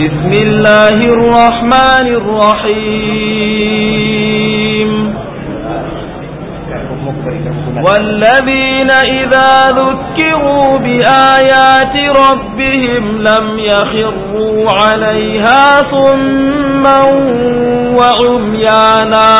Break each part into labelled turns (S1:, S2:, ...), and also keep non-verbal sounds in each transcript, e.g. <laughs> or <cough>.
S1: بسم الله الرحمن الرحيم والذين إذا ذكروا بآيات ربهم لم يخروا عليها صما وعميانا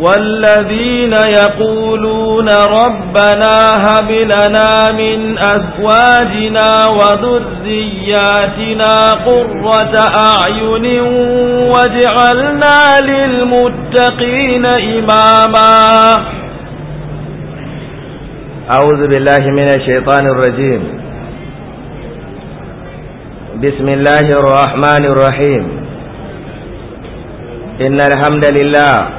S1: والذين يقولون ربنا هب لنا من أزواجنا وذرياتنا قرة أعين واجعلنا للمتقين إماما
S2: أعوذ بالله من الشيطان الرجيم بسم الله الرحمن الرحيم إن الحمد لله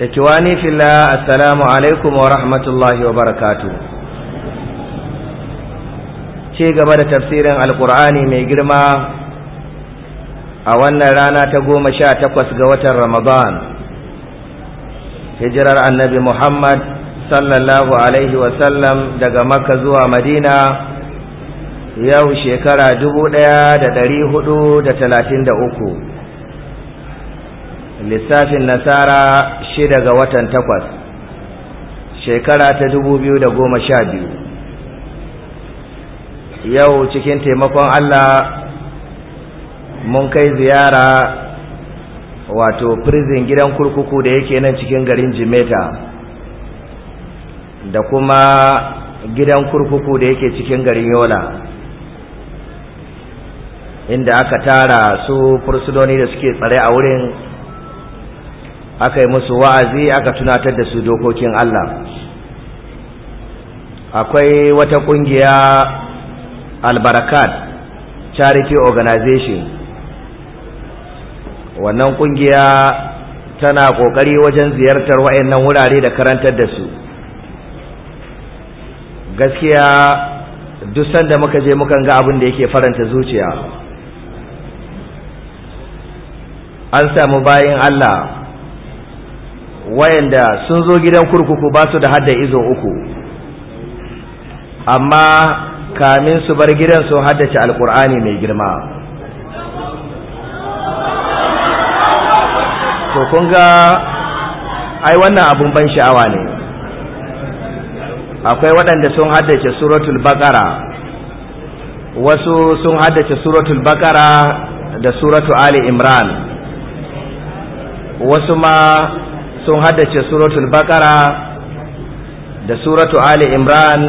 S2: ni filla assalamu alaikum wa rahmatullahi wa barakatu ce gaba da tafsirin alkur'ani mai girma a wannan rana ta goma sha takwas ga watan ramadan hijirar annabi muhammad sallallahu alaihi sallam, daga makka zuwa madina yau shekara dubu ɗaya da ɗari huɗu da talatin da uku lissafin nasara shida ga watan takwas shekara ta dubu biyu da goma sha biyu yau cikin taimakon allah mun kai ziyara wato prison gidan kurkuku da yake nan cikin garin jimeta da kuma gidan kurkuku da yake cikin garin yola inda aka tara su fursunoni da suke tsare a wurin aka yi musu wa'azi aka tunatar da su dokokin Allah akwai wata ƙungiya albarakat charity organization wannan ƙungiya tana kokari wajen ziyartar wayannan wurare da karantar da su gaskiya duk sanda muka je mukan ga abin da yake faranta zuciya an samu bayan Allah wayanda sun zo gidan kurkuku ba su da hadda izo uku amma kamin su bar gidan su haddace alkur'ani mai girma to kun ga ai wannan abun ban sha'awa ne akwai waɗanda sun haddace suratul baqara wasu sun haddace suratul baqara da suratu ali imran wasu ma sun haddace suratul baqara da suratu ali imran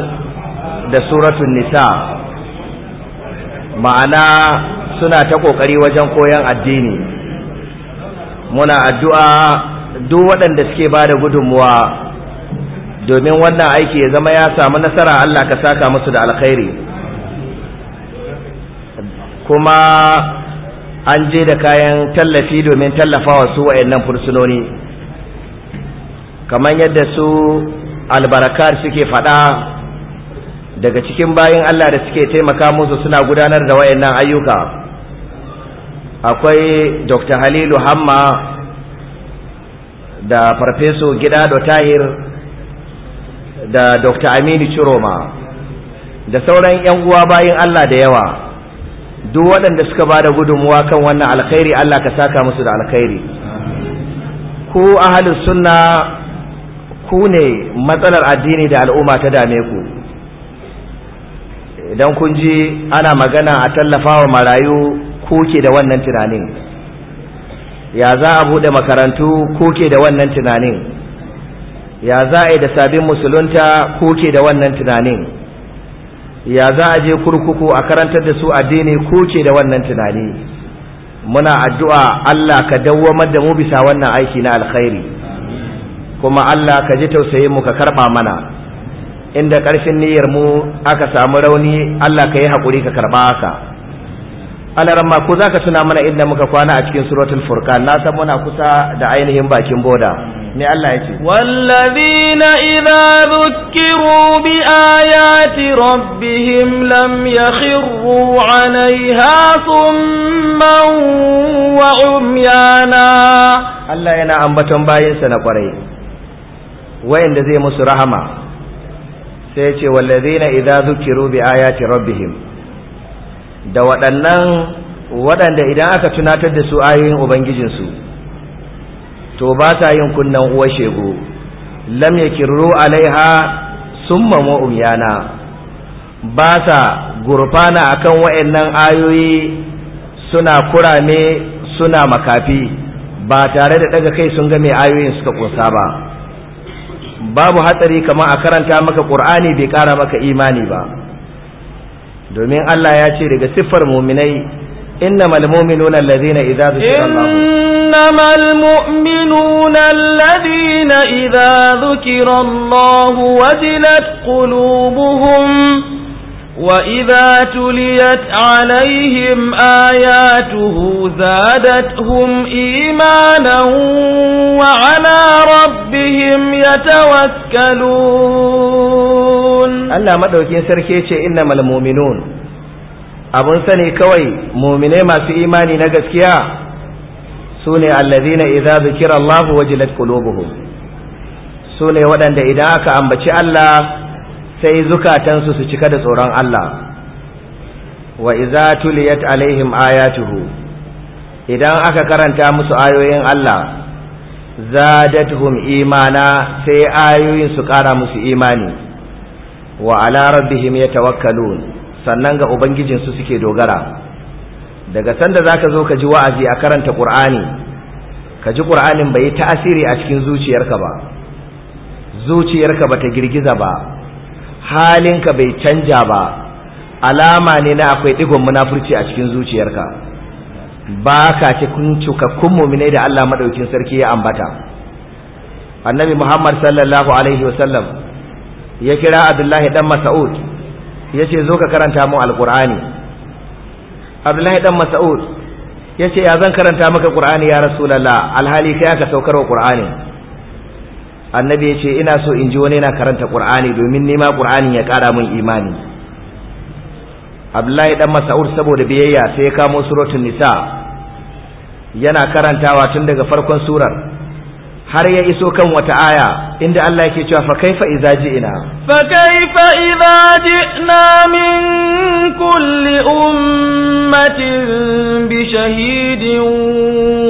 S2: da suratul nisa ma'ana suna ta kokari wajen koyon addini muna addu'a duk waɗanda suke ba da gudunmuwa domin wannan aiki ya zama ya samu nasara Allah ka saka musu da alkhairi kuma an je da kayan tallafi domin tallafawa su wayannan fursunoni kamar yadda su albarakar suke faɗa daga cikin bayin Allah da suke taimaka musu suna gudanar da wayannan ayyuka akwai dr halilu hamma da farfeso gidado tahir da dr aminu ciroma da sauran 'yan uwa bayin Allah da yawa duk waɗanda suka ba da gudunmuwa kan wannan alkhairi Allah ka saka musu da alkhairi ku ahalin sunna ku ne matsalar addini da al'umma ta dame ku idan kun ji ana magana a tallafa wa marayu kuke da wannan tunanin ya za a buɗe makarantu kuke da wannan tunanin ya za a yi da sabin musulunta kuke da wannan tunanin ya za a je kurkuku a karantar da su addini kuke da wannan tunani muna addu'a Allah ka dawwamar da mu bisa wannan aiki na alkhairi kuma Allah ka ji tausayin mu ka karɓa mana inda ƙarfin niyyar mu aka samu rauni Allah ka yi haƙuri ka karɓa haka ramma ko za ka tuna mana inda muka kwana a cikin suratul furqan na san muna kusa da ainihin bakin boda ne Allah ya ce
S1: wallazina idza bi ayati rabbihim lam yakhru
S2: alaiha thumma wa umyana Allah yana ambaton bayinsa na kwarai wayanda zai musu rahama sai ya ce wallazina idza zukiru bi ayati rabbihim da waɗannan waɗanda idan aka tunatar da su ayoyin ubangijin su to ba ta yin kunnan uwa shego lam yakirru alaiha summa mu'miyana ba ta gurfana akan wayannan ayoyi suna kurame suna makafi ba tare da daga kai sun ga mai ayoyin suka kunsa ba babu hatsari kamar a karanta maka qur'ani bai kara maka imani ba domin Allah ya ce daga siffar muminai innamal mu'minuna allazina idza zukira
S1: Allah إنما المؤمنون الذين إذا ذكر الله وإذا تليت عليهم آياته زادتهم إيمانا وعلى ربهم يتوكلون
S2: الله ce سركيتي إنما المؤمنون abun sani kawai muminai masu imani na gaskiya sune ne allazina idza zukira Allah wajilat qulubuhum su ne waɗanda idan aka ambaci Allah sai zukatansu su cika da tsoron Allah wa iza tuliyat alaihim ayatuhu idan aka karanta musu ayoyin Allah zadatuhum imana sai ayoyin su kara musu imani wa ala rabbihim yatawakkalun sannan ga ubangijin su suke dogara daga sanda zaka zo ka ji wa'azi a karanta qur'ani ka ji qur'anin bai ta'asiri a cikin zuciyarka ba zuciyarka bata girgiza ba halinka bai canja ba alama ne na akwai digon munafurci a cikin zuciyarka ba ka cikin cikakkun mumine da Allah madaukin sarki ya ambata annabi Muhammad sallallahu alaihi wasallam ya kira Abdullahi dan Mas'ud yace zo ka karanta mu alqur'ani Abdullahi dan Mas'ud yace ya zan karanta maka qur'ani ya rasulullah alhali kai ka saukar wa ƙur'ani. annabi ya ce ina so in ji wani yana karanta qur'ani domin nema qur'ani ya kara min imani abdullahi dan mas'ud saboda biyayya sai ya kamo suratul nisa yana karantawa tun daga farkon surar har ya iso kan wata aya inda Allah yake cewa fa kaifa idza ji'na
S1: fa kaifa idza ji'na min kulli ummatin bi shahidin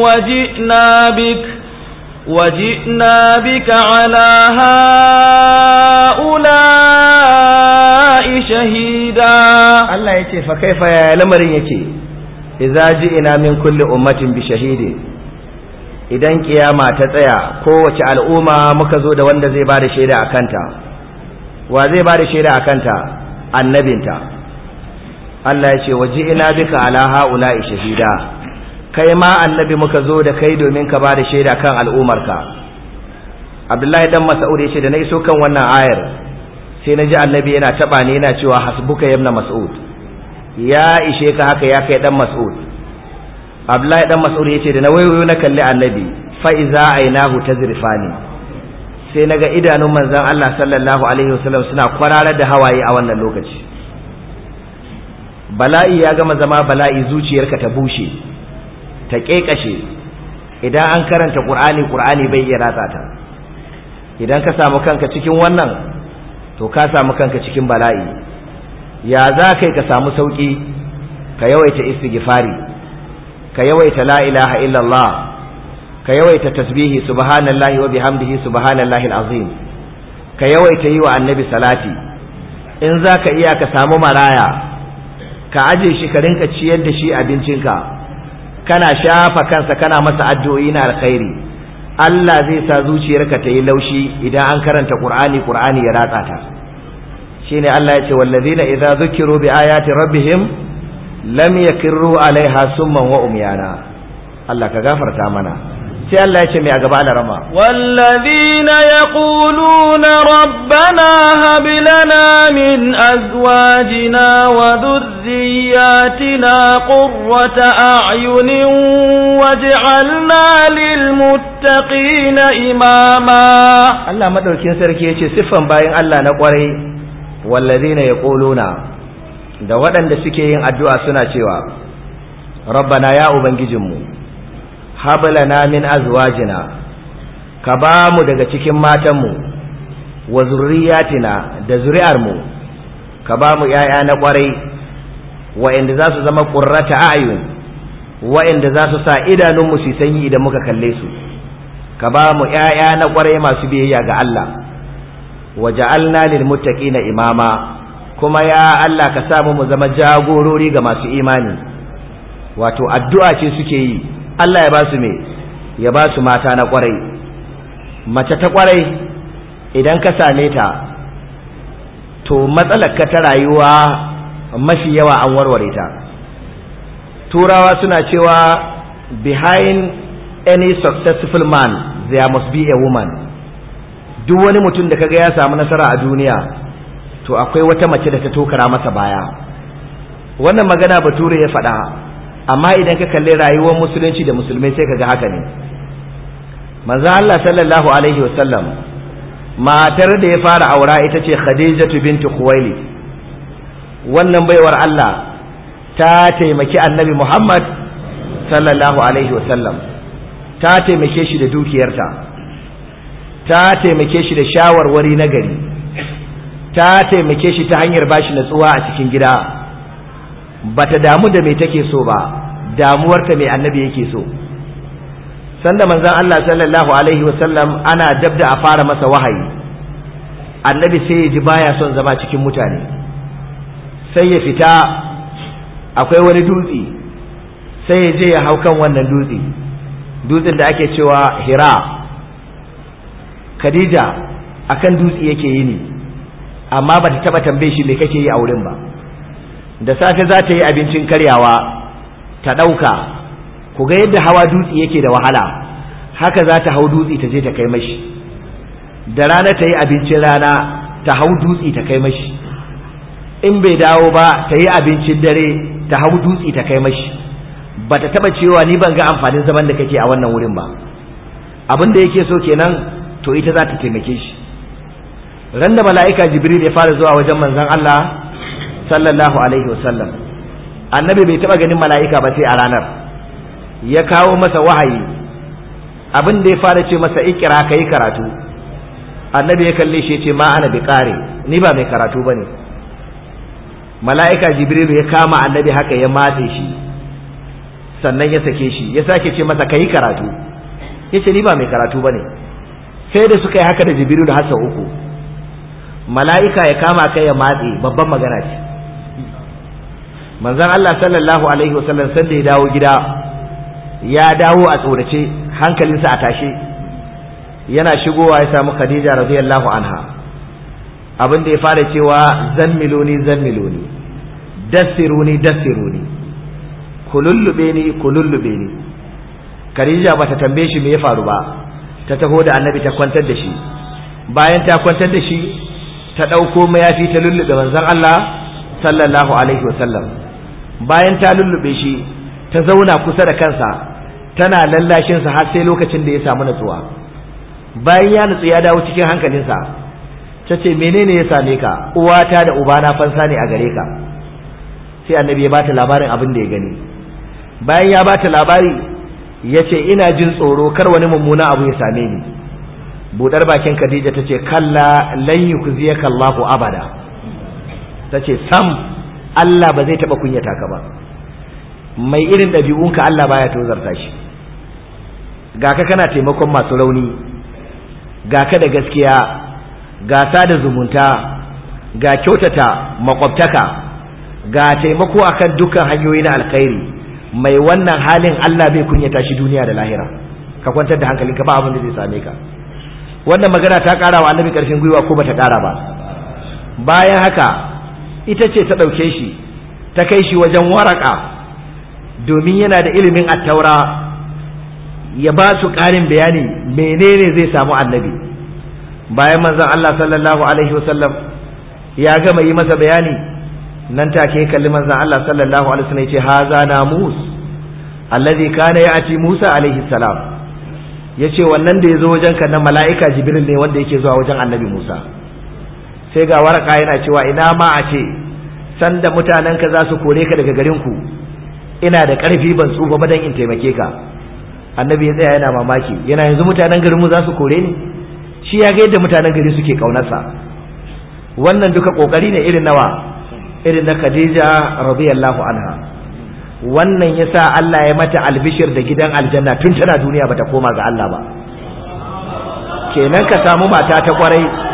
S1: wa ji'na bika وجئنا بك على
S2: هؤلاء شهيدا الله يتي فكيف يا لمر يتي إذا جئنا من كل أمة بشهيد idan kiyama ta tsaya kowace al'umma muka zo da wanda zai ba da shaida a kanta wa zai ba da shaida a kanta annabinta Allah ya ce waje ina bika ala ha'ula'i shahida kai ma annabi muka zo da kai domin ka ba da shaida kan al'umarka abdullahi dan mas'ud ya ce da na iso kan wannan ayar sai na ji annabi yana taba ne yana cewa hasbuka yamna mas'ud ya ishe ka haka ya kai dan mas'ud abdullahi dan mas'ud ya ce da na wayoyo na kalli annabi fa iza ainahu tazrifani sai naga idanun manzon Allah sallallahu alaihi wasallam suna kwararar da hawaye a wannan lokaci bala'i ya gama zama bala'i zuciyarka ta bushe ta ƙeƙashe idan an karanta ƙur'ani ƙur'ani bai iya ratsata, idan ka samu kanka cikin wannan to ka samu kanka cikin bala'i ya za kai ka samu sauƙi ka yawaita istighfari ka yawaita la ilaha illallah ka yawaita tasbihi subhanallahi wa bihamdihi subhanallahi alazim ka yawaita yi wa annabi salati in za ka iya ka samu maraya ka aje shi ka rinka ciyar da shi abincinka kana shafa kansa kana masa addu'o'i na alkhairi Allah zai sa zuciyarka ta yi laushi idan an karanta Qur'ani Qur'ani ya ratsa ta shine Allah ya ce wallazina idza zukiru bi ayati rabbihim lam yakirru alaiha summan wa umyana Allah ka gafarta mana sai Allah ya ce mai a gaba da rama
S1: wallazina yaquluna rabbana hab lana min azwajina wa dhurriyyatina qurrata a'yunin waj'alna lil
S2: muttaqina imama Allah madaukin sarki yace siffan bayin Allah na kwarai wallazina yaquluna da waɗanda suke yin addu'a suna cewa rabbana ya ubangijinmu hablana min azwajina ka ba mu daga cikin matanmu wa zurriyatina da zuri'armu ka ba mu ‘ya'ya na ƙwarai wa'inda za su zama ƙurrata ayun wa'inda za su sa idanunmu su sanyi idan muka kalle su ka ba mu ‘ya'ya na ƙwarai masu biyayya ga Allah wa ja'alna lil muttaqina imama kuma ya Allah ka samu mu zama jagorori ga masu imani wato addu'a ce suke yi Allah ya ba su me ya ba su mata na kwarai mace ta kwarai idan ka same ta to matsalar ka ta rayuwa mafi yawa an warware ta turawa suna cewa behind any successful man there must be a woman duk wani mutum da kaga ya samu nasara a duniya to akwai wata mace da ta tokara masa baya wannan magana bature ya faɗa amma idan ka kalli rayuwar musulunci da musulmai sai ka ga haka ne manzo Allah sallallahu alaihi wasallam matar da ya fara aura ita ce Khadija bint Khuwailid wannan baiwar Allah ta taimaki Annabi Muhammad sallallahu alaihi wasallam ta taimake shi da dukiyarta ta taimake shi da shawarwari na gari ta taimake shi ta hanyar bashi natsuwa a cikin gida bata damu da mai take so ba damuwarta mai annabi yake so sanda manzon Allah sallallahu alaihi wasallam ana dabda a fara masa wahayi annabi sai ya ji baya son zama cikin mutane sai ya fita akwai wani dutse sai ya je ya hau kan wannan dutse dutsen da ake cewa hira khadija akan dutse yake yi ne amma ba ta taba tambaye shi me kake yi a wurin ba da safe za ta yi abincin karyawa ta ɗauka ku ga yadda hawa dutse yake da wahala haka za ta hau dutse ta je ta kai mashi da rana ta yi abincin rana ta hau dutse ta kai mashi in bai dawo ba ta yi abincin dare ta hau dutse ta kai mashi ba ta taɓa cewa ni ban ga amfanin zaman da kake a wannan wurin ba abin da yake so kenan to ita za ta taimake shi Randa da mala'ika jibril ya fara zuwa wajen manzon Allah sallallahu alaihi wasallam annabi bai taba ganin mala'ika ba sai a ranar ya kawo masa wahayi abin da ya fara ce masa ikira ka yi karatu annabi ya kalle shi ya ce ma ana bi kare ni ba mai karatu ba ne mala'ika jibril ya kama annabi haka ya matse shi sannan ya sake shi ya sake ce masa ka yi karatu ya ce ni ba mai karatu ba ne sai da suka yi haka da jibril da sau uku mala'ika ya kama kai ya matse babban magana ce manzon Allah sallallahu alaihi wasallam sanda ya dawo gida ya dawo a tsorace hankalinsa a tashe yana shigowa ya samu Khadija radiyallahu anha abin da ya fara cewa zammiluni zammiluni dassiruni dassiruni ku lullube ni ku lullube ni Khadija bata tambaye shi me ya faru ba ta taho da annabi ta kwantar da shi bayan ta kwantar da shi ta ɗauko mayafi ta lullube manzon Allah sallallahu alaihi wasallam bayan ta lullube shi ta zauna kusa da kansa tana lallashinsa har sai lokacin da ya samu natsuwa bayan ya nutsu ya dawo cikin hankalinsa ta ce menene ya same ka uwata da ubana fansa ne a gare ka sai annabi ya bata labarin abin da ya gani bayan ya bata labari ya ce ina jin tsoro kar wani mummuna abu ya same ni budar bakin khadija ta ce kalla lan yukziyaka allahu abada ta ce sam Allah ba zai taɓa kunyata ka ba mai irin ɗabi'unka Allah baya tozarta shi ga ka kana taimakon masu rauni ga ka da gaskiya ga da zumunta ga kyautata makwabtaka ga taimako akan dukkan hanyoyi na alkhairi mai wannan halin Allah bai kunyata shi duniya da lahira ka kwantar da hankalinka ba abin da zai same ka wannan magana ta ƙara wa annabi ƙarfin gwiwa ko bata ƙara ba bayan haka ita ce ta ɗauke shi ta kai shi wajen waraka domin yana da ilimin attaura ya ba su ƙarin bayani menene zai samu annabi bayan manzon Allah sallallahu alaihi wasallam ya gama yi masa bayani nan take kalli manzon Allah sallallahu alaihi wasallam ya ce haza namus allazi kana ya'ti Musa alaihi salam yace wannan da ya zo wajenka na mala'ika Jibril ne wanda yake zuwa wajen annabi Musa sai ga waraka yana cewa ina ma a ce sanda mutanen ka za su kore ka daga garin ku ina da ƙarfi ban tsufa ba dan in taimake ka annabi ya tsaya yana mamaki yana yanzu mutanen garin mu za su kore ni shi ya ga yadda mutanen gari suke kaunarsa wannan duka kokari ne irin nawa irin na Khadija radiyallahu anha wannan yasa Allah ya mata albishir da gidan aljanna tun tana duniya bata koma ga Allah ba kenan ka samu mata ta kwarai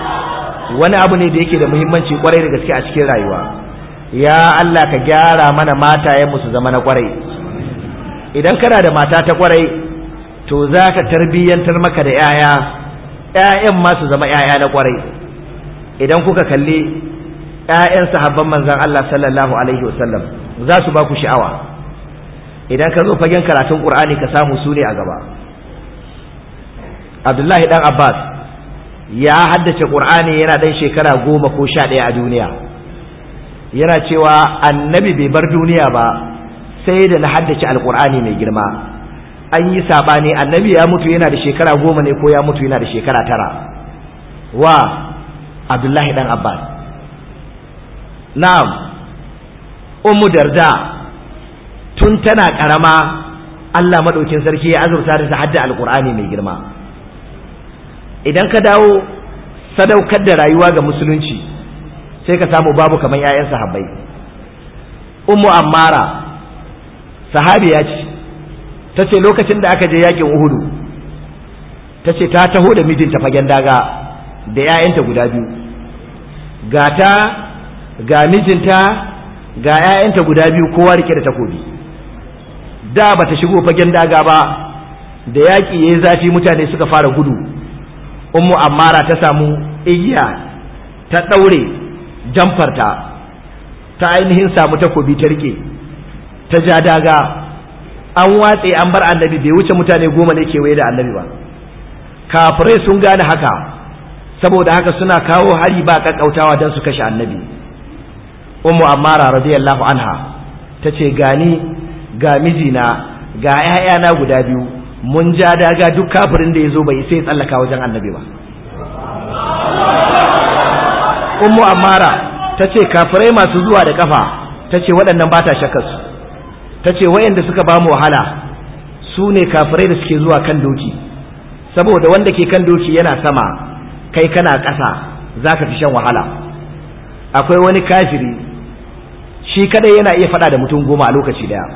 S2: wani abu ne da yake da muhimmanci kwarai da gaske a cikin rayuwa ya Allah ka gyara mana matayenmu su zama na kwarai idan kana da mata ta kwarai to za ka tarbiyyantar maka da 'ya'ya 'ya'yan ma su zama 'ya'ya na kwarai idan kuka kalli 'ya'yan sahabban manzan Allah sallallahu alaihi wasallam za su ba ku sha'awa idan ka zo fagen karatun Qur'ani ka samu su ne a gaba Abdullahi dan Abbas ya haddace qur'ani yana ɗan shekara goma ko sha ɗaya a duniya yana cewa annabi bai bar duniya ba sai da na haddace alqur'ani mai girma an yi saɓani annabi ya mutu yana da shekara goma ne ko ya mutu yana da shekara tara wa abdullahi dan abbas na'am ummu darda tun tana karama Allah madaukin sarki ya azurta da ta hadda alqur'ani mai girma idan ka dawo sadaukar da rayuwa ga musulunci sai ka samu babu kamar 'ya'yan sahabbai ummu ammara sahabiya ce ta ce lokacin da aka je yakin uhudu ta ce ta taho da mijinta fagen daga da 'ya'yanta guda biyu ga ta ga mijinta ga 'ya'yanta guda biyu kowa rike da takobi da bata shigo fagen daga ba da yaƙi ya yi zafi mutane suka fara gudu ummu ammara ta samu igiya ta ɗaure jamfarta ta ainihin samu takobi ta rike ta ja daga an watse an bar annabi bai wuce mutane goma ne kewaye da annabi ba kafirai sun gane haka saboda haka suna kawo hari ba kakkautawa don su kashe annabi ummu ammara radiyallahu anha ta ce gani ga mijina ga 'ya'yana guda biyu mun ja daga duk kafirin da ya zo bai sai tsallaka wajen annabi ba ummu amara ta ce kafirai masu zuwa da kafa ta ce waɗannan ba ta shakarsu ta ce wayanda suka ba mu wahala su ne kafirai da suke zuwa kan doki saboda wanda ke kan doki yana sama kai kana ƙasa za ka fi shan wahala akwai wani kafiri shi kadai yana iya faɗa da mutum goma a lokaci daya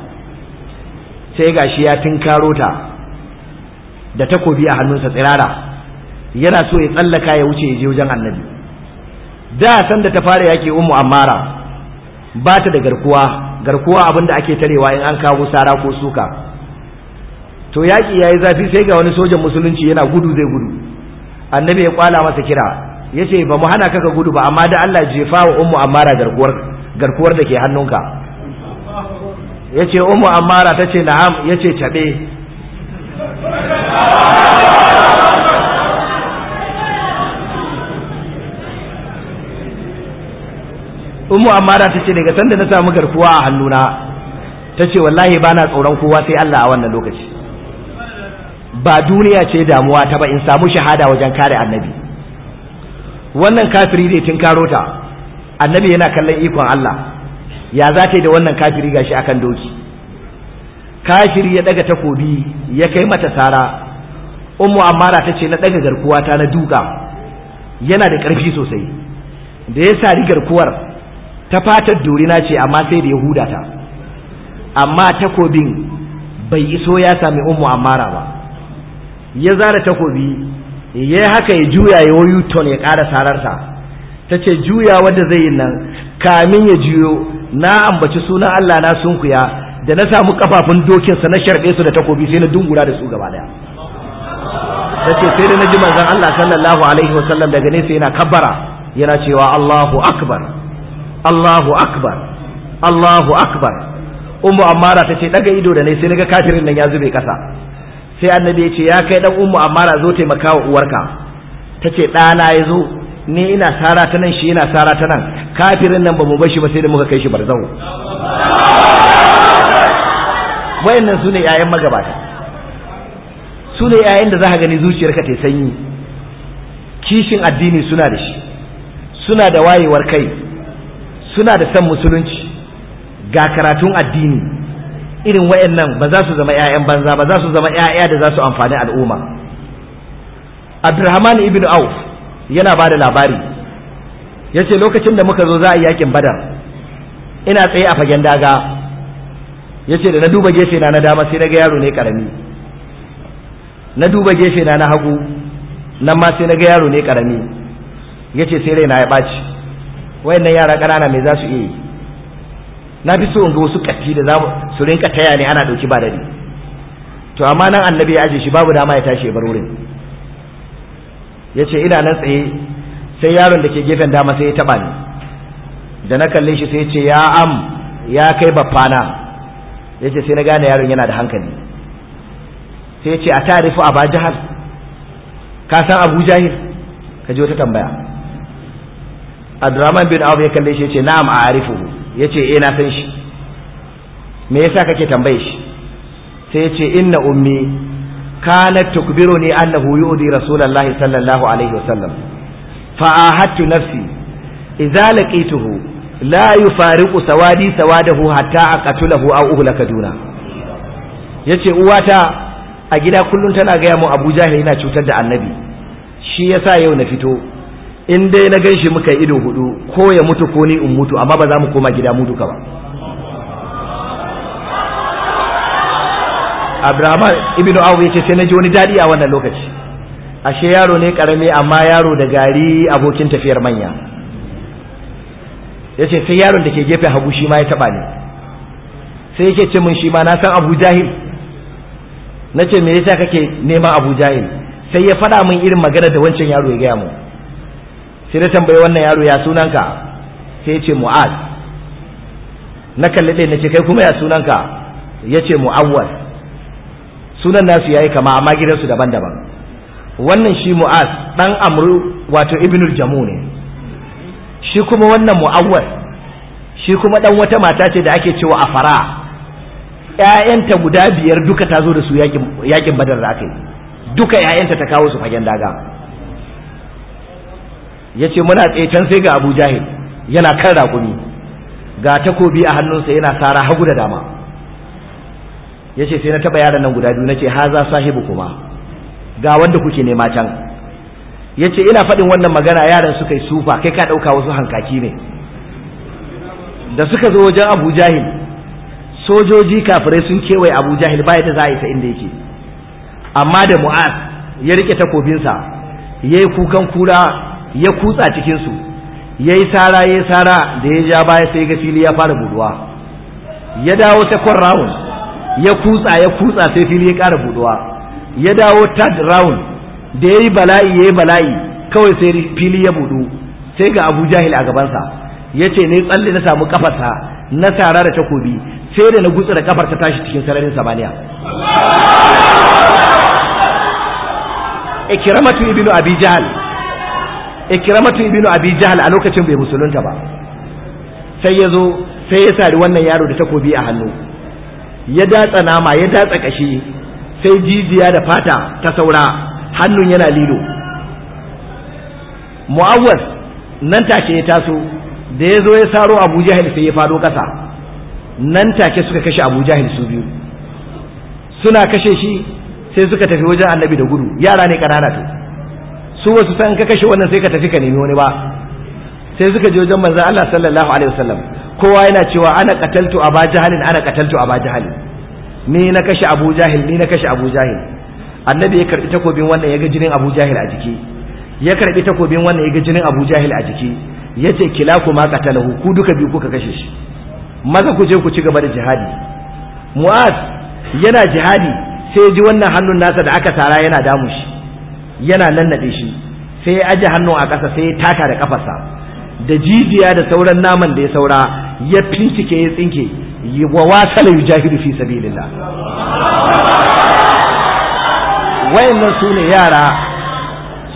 S2: sai gashi ya tinkaro ta da takobi a hannunsa tsirara yana so ya tsallaka ya wuce ya je wajen annabi da san da ta fara yaki, ummu amara ba ta da garkuwa garkuwa abin da ake tarewa in an kawo sara ko suka to yaki yayi zafi sai ga wani sojan musulunci yana gudu zai gudu annabi ya kwala masa kira ya ce ba mu hana kaka gudu ba amma da Allah jefa wa ummu amara garkuwar garkuwar da ke hannunka ya ce ummu amara ta ce na'am ya ce caɓe umu amara ta ce daga sanda na samu garkuwa a hannuna ta ce wallahi ba na tsoron kowa sai Allah a wannan lokaci ba duniya ce damuwa ta ba in samu shahada wajen kare annabi wannan kafiri zai tun karo ta annabi yana kallon ikon Allah ya za ta yi da wannan kafiri gashi akan doki kafiri ya daga takobi ya kai mata sara ummu amara ta ce na daga garkuwa ta na duka yana da ƙarfi sosai da ya sari garkuwar ta fatar dorina ce amma sai da ya huda ta amma takobin bai iso ya sami ummu amara ba ya zara takobi ya haka ya juya ya wayu ton ya ƙara sararsa ta ce juya wadda zai yi nan kamin ya juyo na ambaci sunan Allah na sunkuya da na samu kafafun sa na sharbe su da takobi sai na dungura da su gaba daya ce sai da naji manzon Allah sallallahu alaihi wa sallam daga nesa yana kabbara yana cewa Allahu akbar Allahu akbar Allahu akbar ummu ta tace daga ido da ne sai naga kafirin nan ya zube kasa sai annabi ya ce ya kai dan ummu amara zo taimaka wa uwarka tace ya yazo ni ina sara ta nan shi yana sara ta nan kafirin nan ba mu bar shi ba sai da muka kai shi barzahu wayannan su ne 'ya'yan magabata su ne 'ya'yan da za ka gani zuciyarka ta sanyi kishin addini suna da shi suna da wayewar kai suna da san musulunci ga karatun addini irin wayannan ba za su zama 'ya'yan banza ba za su zama 'ya'ya da za su amfani al'umma abdurrahman ibn auf yana ba da labari yace lokacin da muka zo za a yi yakin badar ina tsaye a fagen daga yace da na duba gefe na na dama sai na ga yaro ne karami na duba gefe na na hagu nan ma sai na ga yaro ne karami ce sai raina ya ɓaci wayannan yara ƙanana mai za su iya yi na fi so in ga wasu katti da za su rinka taya ne ana ɗauki ba da to amma nan annabi ya aje shi babu dama ya tashi ya bar wurin yace ina nan tsaye sai yaron da ke gefen dama sai ya taɓa ni da na kalle shi sai ya ce ya am ya kai bafana yace sai na gane yaron yana da hankali sai yace a tarifu ba jihar ka san abu jahil ka ji wata tambaya abdurrahman bin abu ya kalle shi ya ce na'am a ya ce eh na san shi me yasa kake tambaye shi sai yace inna ummi kanat tukbiruni annahu yu'di rasulullahi sallallahu alaihi wasallam fa ahadtu nafsi idza laqituhu لا يفارق سوادي سواده hatta aqatulahu aw uhlaka duna yace uwata a gida kullum tana gaya mu Abu Jahil yana cutar da Annabi shi yasa yau na fito in dai na ganshi muka ido hudu ko ya mutu ko ni in mutu amma ba za mu koma gida mu duka ba Abdurrahman ibn Awf yace sai na ji wani dadi a wannan lokaci ashe yaro ne karami amma yaro da gari abokin tafiyar manya ya ce sai yaron da ke gefe hagu shi ma ya taɓa ni sai yake ce min shi ma na san abu jahil na ce me yasa kake neman abu jahil sai ya faɗa min irin magana da wancan yaro ya gaya mu sai na tambayi wannan yaro ya sunanka sai ya ce mu'ad na kalli ɗaya na ce kai kuma ya sunanka ya ce mu'awwal sunan nasu ya yi kama amma gidansu daban-daban wannan shi mu'az ɗan amru wato ibnul jamu ne shi kuma wannan mu'awwal shi kuma dan wata mata ce da ake cewa afara ƴaƴanta guda biyar duka ta zo da su yakin badar da aka yi duka ƴaƴanta ta kawo su fagen daga ya ce muna tsaye can sai ga abu jahil yana kan raƙumi ga takobi a hannunsa yana sara hagu da dama ya ce sai na taɓa yaran nan guda biyu na ce haza sahibu kuma ga wanda kuke nema can ya ce ina faɗin wannan magana yaran suka yi sufa kai ka ɗauka wasu hankaki ne da suka zo wajen abu jahil sojoji kafirai sun kewaye abu jahil ba yadda za a isa inda yake amma da mu'az ya rike takobinsa ya yi kukan kura ya kutsa cikinsu ya yi sara ya yi sara da ya ja baya sai ga fili ya fara buduwa ya dawo second round ya kutsa ya kutsa sai fili ya ƙara buduwa ya dawo third round da yayi bala'i yayi bala'i kawai sai fili ya budu sai ga Abu Jahil a gabansa yace ne tsalle na samu kafarsa na tara da takobi sai da na gutsu da kafar tashi cikin sararin sabaniya. ikramatu ibnu abi jahl ikramatu ibnu abi jahl a lokacin bai musulunta ba sai ya zo sai ya sari wannan yaro da takobi a hannu ya datsa nama ya datsa kashi sai jijiya da fata ta saura hannun yana lilo mu'awwas nan take ya taso da ya zo ya saro abu jahil sai ya fado kasa nan take suka kashe abu jahil su biyu suna kashe shi sai suka tafi wajen annabi da gudu yara ne kanana to su wasu san ka kashe wannan sai ka tafi ka nemi wani ba sai suka je wajen manzon Allah sallallahu alaihi wasallam kowa yana cewa ana qataltu aba ana qataltu aba ni na kashe abu ni na kashe abu annabi ya karbi takobin wannan ya ga jinin abu jahil a jiki ya karbi takobin wannan ya ga jinin abu jahil a jiki ya ce kilaku ma qatalahu ku duka biyu kuka kashe shi maza ku je ku ci gaba da jihadi mu'az yana jihadi sai ji wannan hannun nasa da aka tara yana damu shi yana nannade shi sai ya aje hannu a ƙasa sai ya taka da kafarsa da jijiya da sauran naman da ya saura ya fincike ya tsinke wa wasala yujahidu fi sabilillah wayannan su ne yara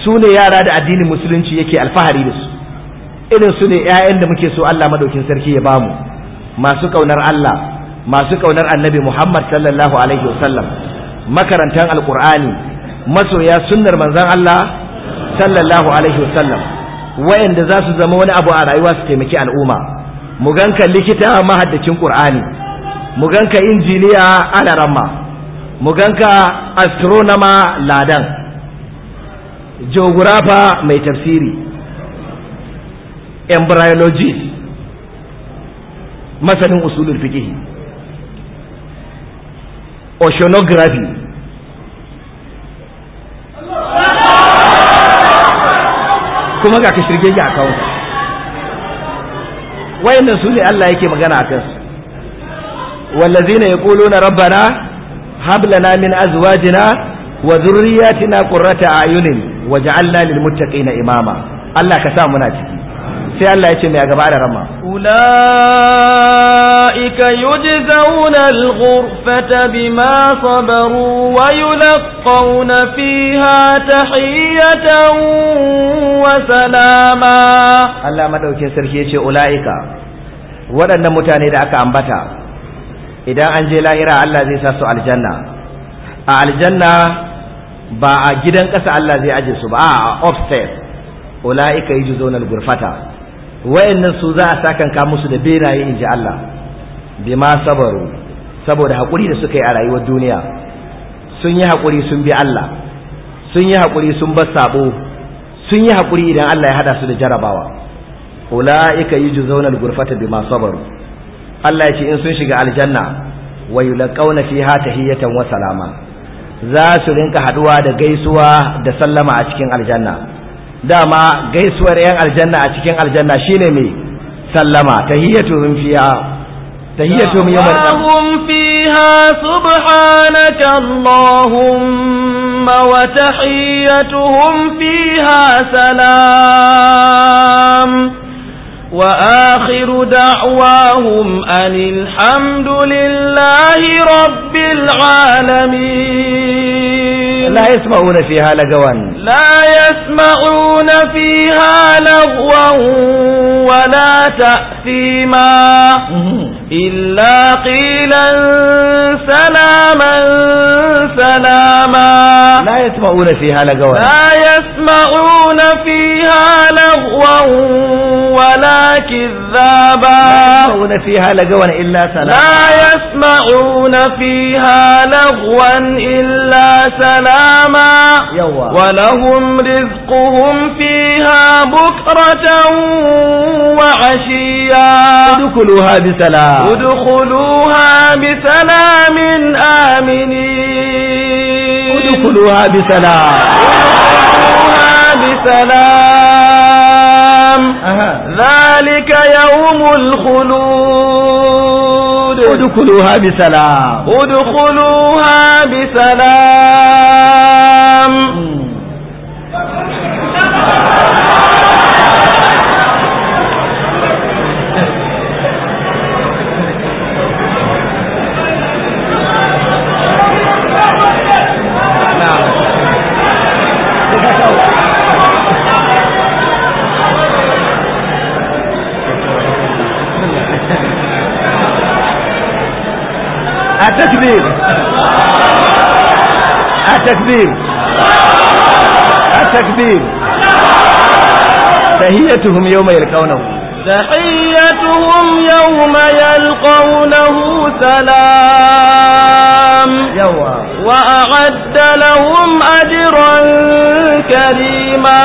S2: su ne yara da addinin musulunci yake alfahari da su irin su ne 'ya'yan da muke so Allah madaukin sarki ya bamu masu kaunar Allah masu ƙaunar annabi Muhammad sallallahu alaihi wasallam makarantan alqur'ani masoya sunnar manzon Allah sallallahu alaihi wasallam wayanda za su zama wani abu a rayuwa su taimaki al'umma mu ganka likita mahaddacin ƙur'ani mu ganka injiniya ana ramma mu ganka astronoma ladan geographer mai tafsiri embryologist masanin usulul fiqh oceanography kuma ga ka shirge ya kawo wayannan su ne Allah yake magana akan su wallazina yaquluna rabbana hab lana min azwajina wa dhurriyyatina qurrata ayunin waj'alna lil na imama Allah ka sa muna ciki sai Allah ya ce mai gaba da rama
S1: ulaika yujzauna al-ghurfata bima sabaru wa yulqawna fiha
S2: tahiyatan wa Allah madaukin sarki yace ulaika waɗannan mutanen da aka ambata idan an je la'ira Allah zai sa su aljanna a aljanna ba a gidan ƙasa Allah zai aje su ba a upstairs ula'ika yujzuna al gurfata wayannan su za a ka musu da benaye in ji Allah bima sabaru saboda hakuri da suka yi a rayuwar duniya sun yi hakuri sun bi Allah sun yi hakuri sun bar sabo sun yi hakuri idan Allah ya hada su da jarabawa ula'ika yujzuna gurfata bi bima sabaru Allah ya ce in sun shiga aljanna wa yulqauna fiha tahiyatan wa salama za su rinka haduwa da gaisuwa da sallama a cikin aljanna dama gaisuwar yan aljanna a cikin aljanna shine me sallama tahiyatuhum fiha تهيتهم يوم
S1: القيامة فيها سبحانك اللهم وتحيتهم فيها سلام وآخر دعواهم أن الحمد لله رب العالمين لا
S2: يسمعون فيها لغوا لا
S1: يسمعون فيها لغوا ولا تأثيما إلا قيلا سلاما سلاما لا يسمعون فيها لغوا لا يسمعون فيها لغوا ولا كذابا لا يسمعون فيها لغوا إلا سلاما لا يسمعون فيها لغوا إلا سلاما يوا ولهم رزقهم فيها بكرة وعشيا ادخلوها بسلام ادخلوها بسلام آمنين ادخلوها بسلام ادخلوها بسلام وسلم ذلك يوم الخلود
S2: ادخلوها
S1: بسلام ادخلوها بسلام
S2: التكبير التكبير التكبير تهيتهم يوم يلقونه
S1: تحيتهم يوم يلقونه سلام وأعد لهم أجرا كريما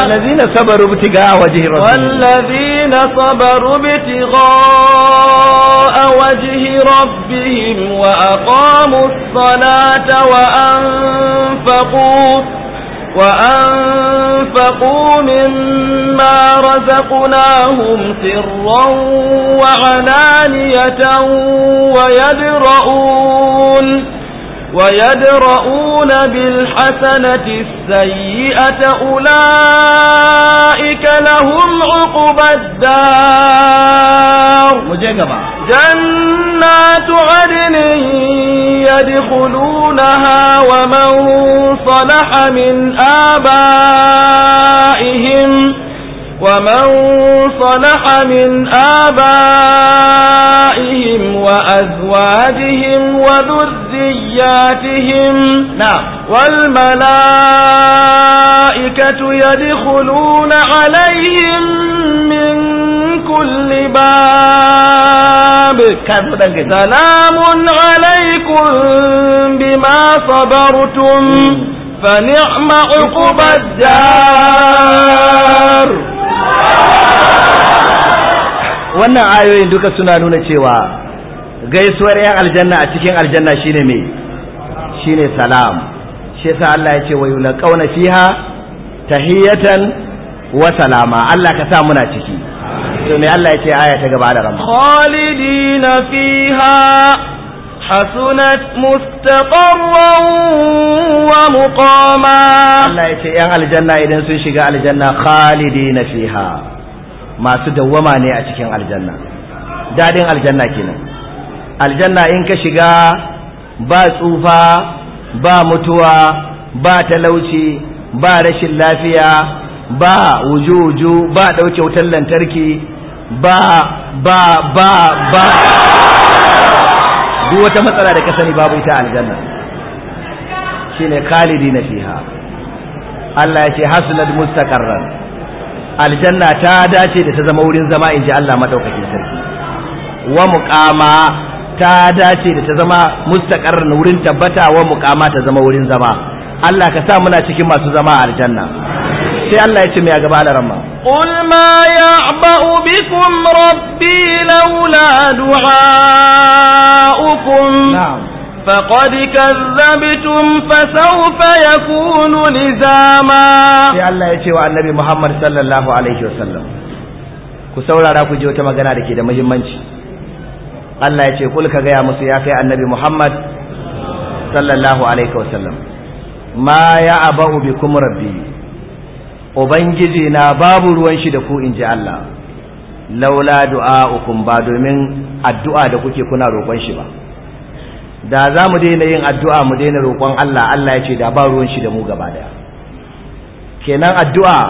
S1: والذين صبروا ابتغاء وجه ربهم والذين صبروا ابتغاء وجه ربهم وأقاموا الصلاة وأنفقوا وأنفقوا مما رزقناهم سرا وعنانية ويدرؤون ويدرؤون بالحسنة السيئة أولئك لهم عقبى الدار جنات عدن يدخلونها ومن صلح من آبائهم ومن صلح من آبائهم وأزواجهم وذرياتهم نعم والملائكة يدخلون عليهم من كل باب سلام عليكم بما صبرتم فنعم
S2: عقب الدار wannan ayoyin duka suna nuna cewa gaisuwar 'yan aljanna a cikin aljanna shine me shine salam shi yasa Allah ya ce wa yulqauna fiha tahiyatan wa salama Allah ka sa muna ciki to me Allah ya ce aya ta gaba da rama
S1: khalidina fiha
S2: hasunat mustaqarran wa muqama Allah ya ce yan aljanna idan sun shiga aljanna khalidina fiha masu dawwama ne a cikin aljanna dadin aljanna kenan aljanna in ka shiga ba tsufa ba mutuwa ba talauci ba rashin lafiya ba wuju ba ɗauke wutar lantarki ba ba ba ba duk wata matsala da ka sani babu ita aljanna shine na fiha Allah ya ce hasnat mustaqarran aljanna ta dace da ta zama wurin zama inji Allah madaukakin sarki wa muqama ta dace da ta zama mustaqarran wurin tabbata wa muqama ta zama wurin zama Allah ka sa muna cikin masu zama a aljanna sai Allah ya ce mai a gaba da ramma
S1: qul ma ya'ba'u bikum rabbi laula du'a'ukum
S2: فقد كذبتم فسوف يكون لزاما sai Allah ya ce wa annabi Muhammad sallallahu alaihi wasallam ku saurara ku ji wata magana da ke da muhimmanci Allah ya ce kul ka gaya musu ya kai annabi Muhammad sallallahu alaihi wasallam ma bikum rabbi ubangiji na babu ruwan shi da ku in ji Allah laula ukun ba domin addu'a da kuke kuna roƙon shi ba da za mu daina yin addu'a mu daina roƙon Allah Allah ya ce da ba ruwan shi da mu gaba daya kenan addu'a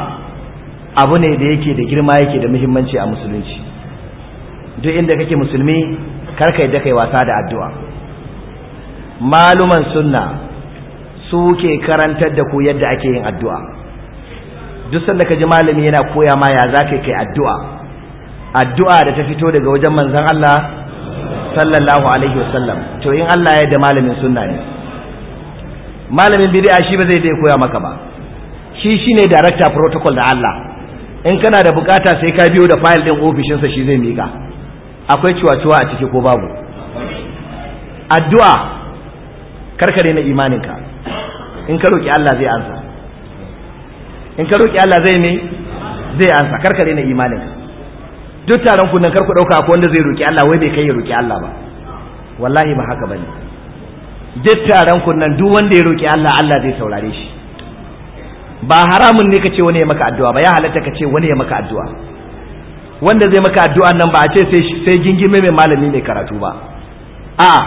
S2: abu ne da yake da girma yake da muhimmanci a musulunci duk inda kake musulmi kar kai da kai wasa da addu'a maluman sunna su ke karantar da ku yadda ake yin addu'a duk sanda ka ji malami yana koya ma ya zaka kai addu'a addu'a da ta fito daga wajen manzon Allah sallallahu alaihi wasallam to in Allah ya da malamin sunna ne malamin bid'a shi ba zai dai koya maka ba shi shine director protocol da Allah in kana da bukata sai ka biyo da file din ofishinsa shi zai mika akwai ciwatuwa a ciki ko babu addu'a karkare na imaninka in ka roki Allah zai ansa in ka roki Allah zai me zai ansa karkare na imanin duk taron ku nan kar ku dauka ko wanda zai roki Allah wai bai kai ya roki Allah ba wallahi ba haka bane duk taron ku nan duk wanda ya roki Allah Allah zai saurare shi ba haramun ne ka ce wani ya maka addu'a ba ya halatta ka ce wani ya maka addu'a wanda zai maka addu'a nan ba a ce sai gingime mai malami mai karatu ba A'a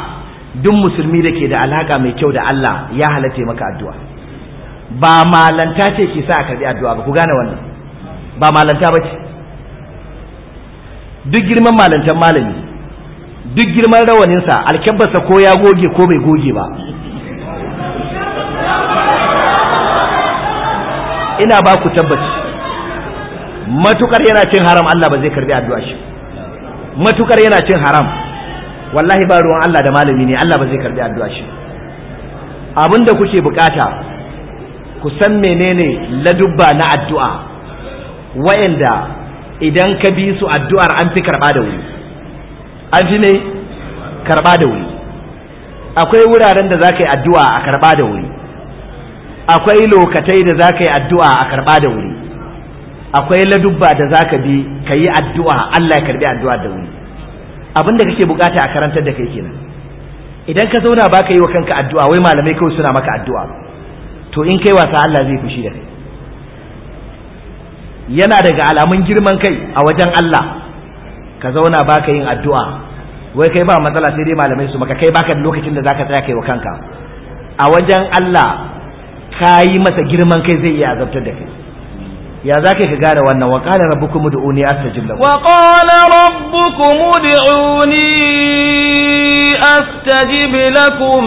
S2: duk musulmi da ke da alaka mai kyau da Allah ya halatta maka addu'a ba malanta ce ke sa a karbi addu'a ba ku gane wannan ba malanta ba ce duk girman malantan malami duk girman rawaninsa alkyabbarsa ko ya goge ko bai goge ba ina ba ku tabbaci matukar yana cin haram Allah ba zai karbi addu'a shi matukar yana cin haram wallahi ba ruwan Allah da malami ne Allah ba zai karbi addu'a shi abinda kuke bukata ku san menene ladubba na addu'a wayanda idan ka bi su addu'ar an fi karba da wuri an fi ne karba da wuri akwai wuraren da za ka yi addu'a a karba da wuri akwai lokatai da za ka yi addu'a a karba da wuri akwai ladubba da za ka bi ka yi addu'a Allah ya karbi addu'a da wuri abinda kake bukata a karantar da kai kenan idan ka zauna ba ka yi wa kanka addu'a wai malamai kawai suna maka addu'a to in kai wasa Allah zai fushi da kai yana daga alamun girman kai a wajen Allah ka zauna baka yin addu'a wai kai ba matsala sai dai malamai su maka kai baka da lokacin da zaka tsaya kai wa kanka a wajen Allah ka yi masa girman kai zai iya azabtar da kai ya za ka gane wannan wa qala rabbukum ud'uni astajib lakum
S1: wa qala rabbukum ud'uni astajib lakum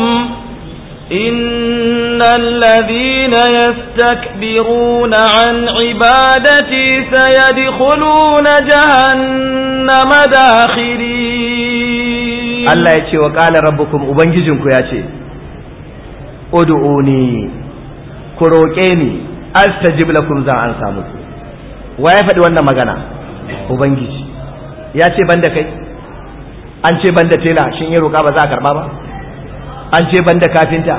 S1: إن الذين يستكبرون عن عبادتي سيدخلون جهنم داخرين
S2: الله يتي وقال ربكم أبنجزنكو يتي ادعوني كروكيني أستجب لكم زعان an ويفد وانا مغانا faɗi wannan بندكي ubangiji بندتي لا شيني kai an بابا an ce banda kafinta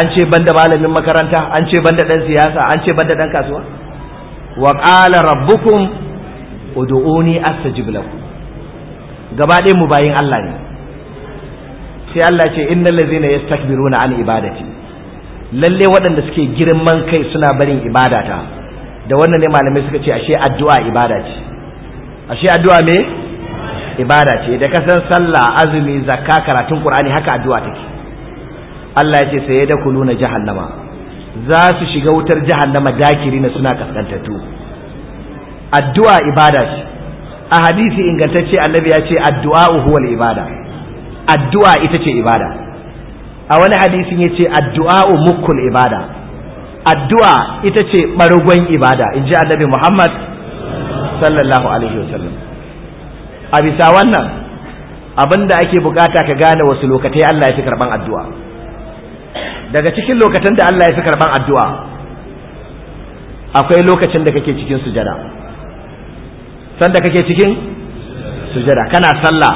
S2: an ce banda malamin makaranta an ce banda dan siyasa an ce banda dan kasuwa wa qala rabbukum ud'uni astajib lakum gaba ɗaya mu bayin Allah ne sai Allah ce innal ladzina yastakbiruna an ibadati lalle waɗanda suke girman kai suna barin ibadata da wannan ne malamai suka ce ashe addu'a ibada ce ashe addu'a me ibada ce da kasan sallah azumi zakka karatun qur'ani haka addu'a take Allah ya ce sai da kuluna jahannama za su shiga wutar jahannama dakiri na suna kaskantattu addu'a ibada ce a hadisi ingantacce annabi ya ce addu'a huwal ibada addu'a ita ce ibada a wani hadisi ya ce addu'a mukul ibada addu'a ita ce ɓargon ibada in ji annabi muhammad sallallahu alaihi wasallam a bisa wannan abin da ake bukata ka gane wasu lokatai Allah ya fi karban addu'a daga cikin lokacin da Allah ya fi karban addu'a akwai lokacin da kake cikin sujada San da kake cikin sujada kana sallah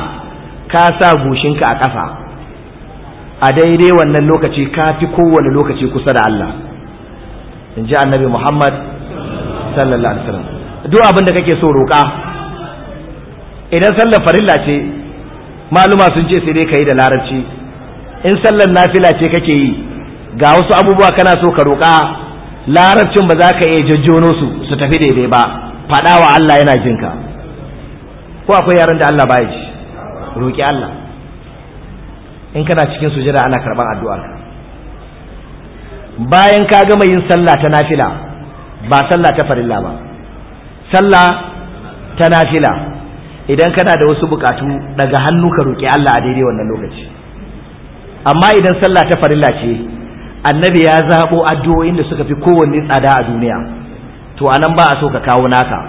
S2: ka sa gushinka a ƙasa a daidai wannan lokaci ka fi kowane lokaci kusa da Allah in ji annabi Muhammad sallallahu alaihi wasallam duk abin da kake so roƙa idan sallar farilla ce maluma sun ce sai dai ka yi da larabci in sallar nafila ce kake yi ga wasu abubuwa kana so ka roƙa larabcin ba za ka iya jajjono su su tafi daidai ba faɗa wa Allah yana jinka ko akwai yaran da Allah baya ji roƙi Allah in kana cikin sujada ana karɓar addu'a bayan ka gama yin sallah ta nafila ba sallah ta farilla ba sallah ta nafila idan kana da wasu bukatu daga hannu ka roƙi Allah a daidai wannan lokaci amma idan sallah ta farilla ce annabi ya zaɓo addu'o'in da suka fi kowanne tsada a duniya to anan ba a so ka kawo naka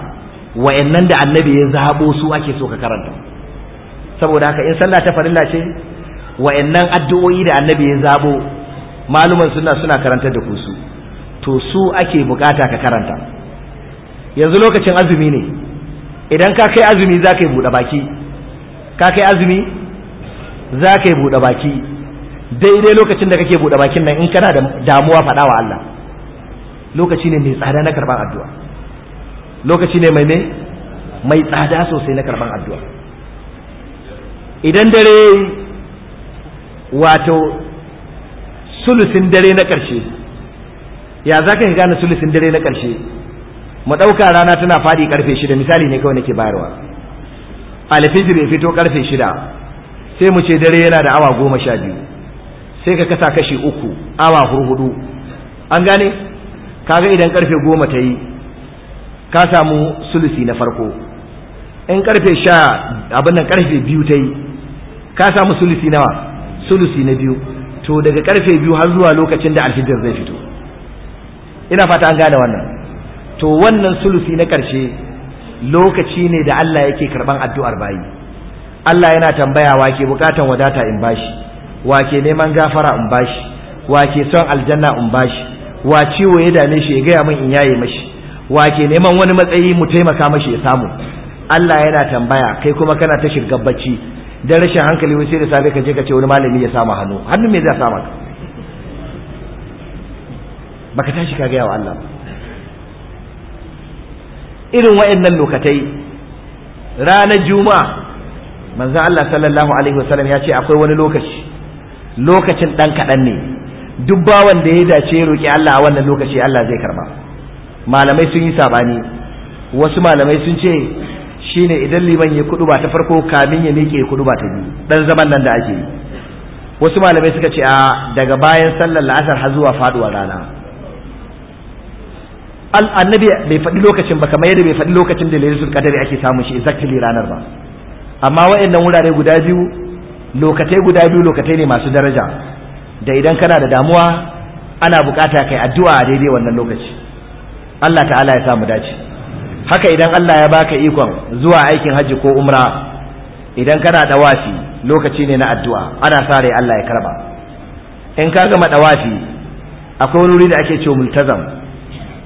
S2: wayannan da annabi ya zaɓo su ake so ka karanta saboda haka in sallah ta farilla ce wayannan addu'o'i da annabi ya zaɓo maluman suna suna karantar da kusu su to su ake bukata ka karanta yanzu lokacin azumi ne idan ka kai azumi za ka yi buɗe baki ka kai azumi za ka yi buɗe baki daidai lokacin da kake buɗe bakin nan in kana da damuwa faɗa wa Allah lokaci ne mai tsada na karɓar addu'a lokaci ne mai mai tsada sosai na karɓar addu'a idan dare wato sulusin dare na ƙarshe ya za ka gane sulusin dare na ƙarshe mu ɗauka rana tana faɗi karfe shida misali ne kawai nake bayarwa alfijir ya fito karfe shida sai mu ce dare yana da awa goma sha biyu sai ka kasa kashi uku awa hurhudu an gane kaga idan karfe goma ta yi ka samu sulusi na farko in karfe sha abin nan karfe biyu ta yi ka samu sulusi nawa sulusi na biyu to daga karfe biyu har zuwa lokacin da alfijir zai fito ina fata an gane wannan to wannan sulusi na ƙarshe lokaci ne da Allah yake karɓan addu'ar bayi Allah yana tambaya wa ke bukatan wadata in bashi wa ke neman gafara in bashi wa ke son aljanna in bashi wa ciwo ya dame shi ya gaya min in yaye mashi wa ke neman wani matsayi mu taimaka mashi ya samu Allah yana tambaya kai kuma kana ta shirgar bacci da rashin hankali wai sai da safe ka je ka ce wani malami ya samu hannu hannu me zai samu baka tashi ka gaya wa Allah ba irin wa'annan lokatai ranar juma'a manzan Allah sallallahu alaihi wasallam ya ce akwai wani lokaci lokacin ɗan kaɗan ne duk bawan da ya dace ya roƙi Allah a wannan lokaci Allah zai karba malamai sun yi sabani wasu malamai sun ce shine idan liman ya kudu ba ta farko kamin ya miƙe kudu ba ta biyu Ɗan zaman nan da ake yi wasu malamai suka ce a daga bayan sallar la'asar har zuwa faduwar rana annabi bai faɗi lokacin ba kamar yadda bai faɗi lokacin da lailatul qadari ake samun shi exactly ranar ba amma waɗannan wurare guda biyu lokatai guda biyu lokatai ne masu daraja da idan kana da damuwa ana bukata kai addu'a a daidai wannan lokaci Allah ta'ala ya samu dace haka idan Allah ya baka ikon zuwa aikin hajji ko umra idan kana da wafi lokaci ne na addu'a ana sa rai Allah ya karba in ka gama dawafi akwai wuri da ake cewa multazam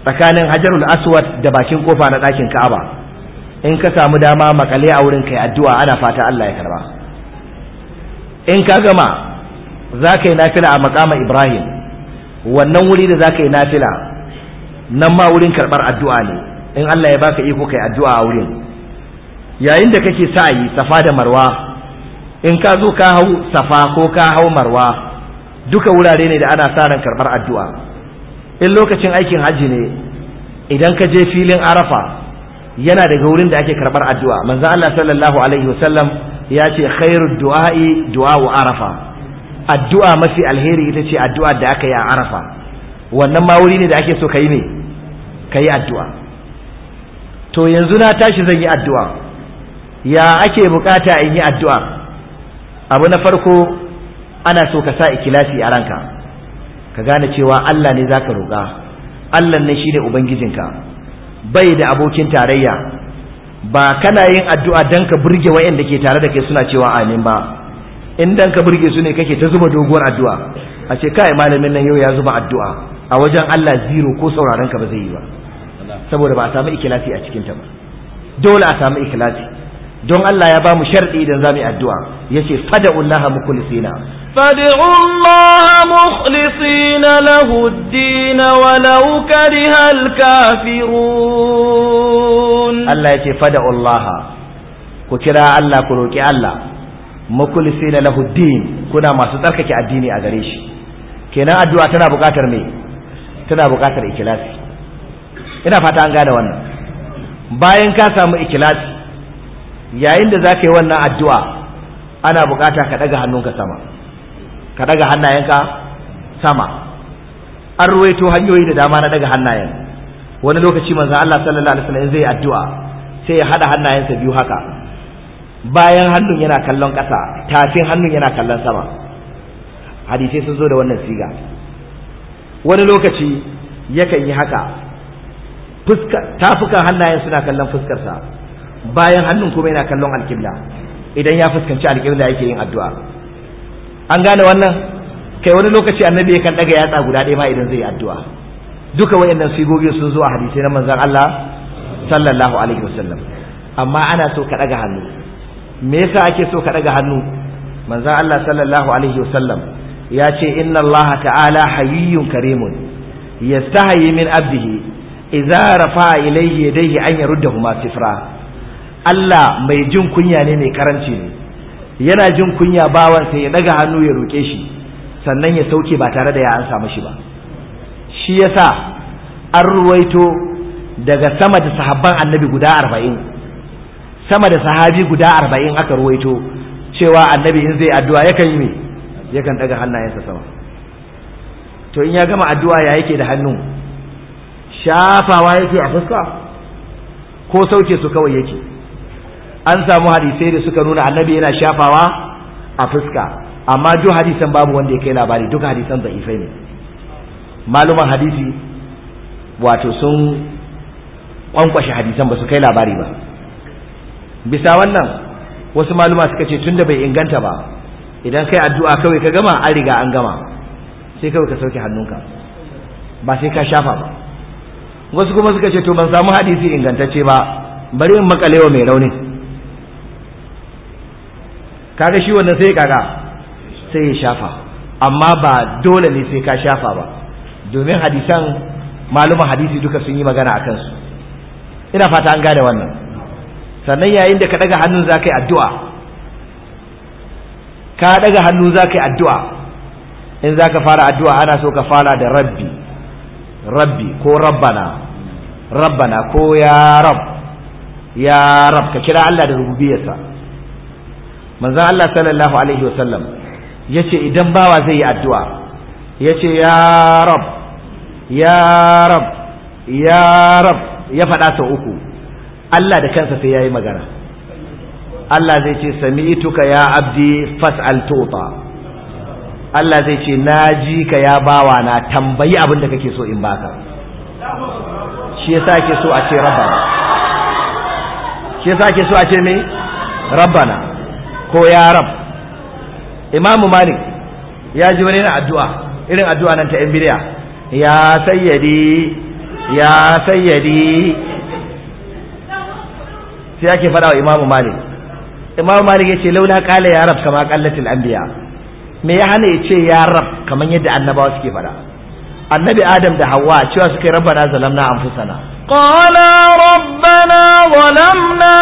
S2: tsakanin hajarul aswad da bakin kofa na ɗakin ka'aba in ka samu dama makale a wurin kai addu'a ana fata Allah ya karba in ka gama za ka yi nafila a makama ibrahim wannan wuri da za ka yi nafila nan ma wurin karɓar addu'a ne in Allah ya baka iko kai addu'a a wurin yayin da kake sa'ayi safa da marwa in ka zo ka hau safa ko ka hau marwa duka wurare ne da ana sa ran karɓar addu'a in lokacin aikin hajji ne idan ka je filin arafa yana daga wurin da ake karɓar addu'a manzo Allah sallallahu alaihi wasallam ya ce khairu du'a'i du'a'u arafa addu'a mafi alheri ita ce addu'a da aka yi a arafa wannan ma wuri ne da ake so ka yi ne ka yi addu'a to yanzu na tashi zan yi addu'a ya ake bukata in yi addu'a abu na farko ana so ka sa ikilasi a ranka ka gane cewa Allah ne zaka roƙa Allah ne shi shine ubangijinka bai da abokin tarayya ba kana yin addu'a dan ka burge wayanda ke tare da kai suna cewa amin ba in dan ka burge su ne kake ta zuba doguwar addu'a a ce kai malamin nan yau ya zuba addu'a a wajen Allah zero ko sauraron ka ba zai yi ba saboda ba a samu ikhlasi a cikin ba dole a samu ikhlasi don Allah ya ba mu sharɗi idan za mu yi addu'a ya ce fada'ullaha mukhlisina
S1: fada'ullaha mukhlisina lahu ad-din walau kariha
S2: al-kafirun Allah ya ce fada'ullaha ku kira Allah ku roki Allah mukhlisina lahu ad-din kuna masu tsarkake addini a gare shi kenan addu'a tana buƙatar me tana buƙatar ikhlasi ina fata an gane wannan bayan ka samu ikhlasi yayin da zaka yi wannan addu'a ana bukata ka daga hannunka sama ka daga hannayenka sama an ruwaito hanyoyi da dama na daga hannayen wani lokaci manzo Allah sallallahu alaihi wasallam zai addu'a sai ya hada hannayensa biyu haka bayan hannun yana kallon ƙasa tafin hannun yana kallon sama hadisai sun zo da wannan siga wani lokaci yakan yi haka fuskar tafukan hannayen suna kallon fuskarsa bayan hannun kuma yana kallon alƙibla idan ya fuskanci alƙibla yake yin addu'a an gane wannan kai wani lokaci annabi kan daga yatsa guda ɗaya ma idan zai addu'a duka wayannan sigogi sun zo a hadisi na manzon Allah sallallahu alaihi wasallam amma ana so ka daga hannu me yasa ake so ka daga hannu manzon Allah sallallahu alaihi wasallam ya ce inna Allah ta'ala hayyun karimun yastahi min abdihi idza rafa'a ilayhi yadayhi an yaruddahuma sifra Allah mai jin kunya ne mai karanci ne yana jin kunya bawan sai ya daga hannu ya roke shi sannan ya sauke ba tare da ya an samu shi ba shi yasa an ruwaito daga sama da sahabban annabi guda arba'in sama da sahabi guda arba'in aka ruwaito cewa annabi in zai addu'a yakan yi me yakan daga hannayensa sama to in ya gama addu'a ya yake da hannu shafawa yake a fuska ko sauke su kawai yake an samu hadisai da suka nuna annabi yana shafawa a fuska amma duk hadisan babu wanda ya kai labari duk hadisan da'ifai ne maluman hadisi wato sun kwankwashe hadisan ba su kai labari ba bisa wannan wasu maluma suka ce tunda bai inganta ba idan kai addu'a kawai ka gama an riga an gama sai kawai ka sauke hannunka ba sai ka shafa ba wasu kuma suka ce to ban samu hadisi ingantacce ba bari in makalewa mai raunin kaga shi wannan sai kaga sai ya shafa amma ba dole ne sai ka shafa ba domin hadisan malumin hadisi duka sun yi magana a kansu ina fata an gane wannan sannan yayin da ka daga hannun za ka yi addu'a ka daga hannu za ka yi addu'a in za ka fara addu'a ana so ka fara da rabbi rabbi ko rabbana rabbana ko ya rab ya rab ka kira Allah da rububiyarsa manzon Allah sallallahu alaihi wasallam yace idan bawa zai yi addu'a yace ya rab ya rab ya rab ya faɗa sau uku Allah da kansa sai ya yi magana Allah zai ce sami'tuka ya abdi fas'al tuta Allah zai ce na ji ka ya bawa na tambayi abin da kake so in baka shi yasa ake so a ce rabbana shi yasa ake so a ce me rabbana ko ya rab imamu malik ya ji wani addu'a irin addu'a nan ta yan bidiya ya sayyadi ya sayyadi sai ake faɗa wa imamu malik imamu malik ya ce launa kala ya rab kama kallatil anbiya me ya hana ya ce ya rab kamar yadda annabawa suke faɗa annabi adam da hawa cewa suka yi rabbana zalamna anfusana
S1: qala rabbana zalamna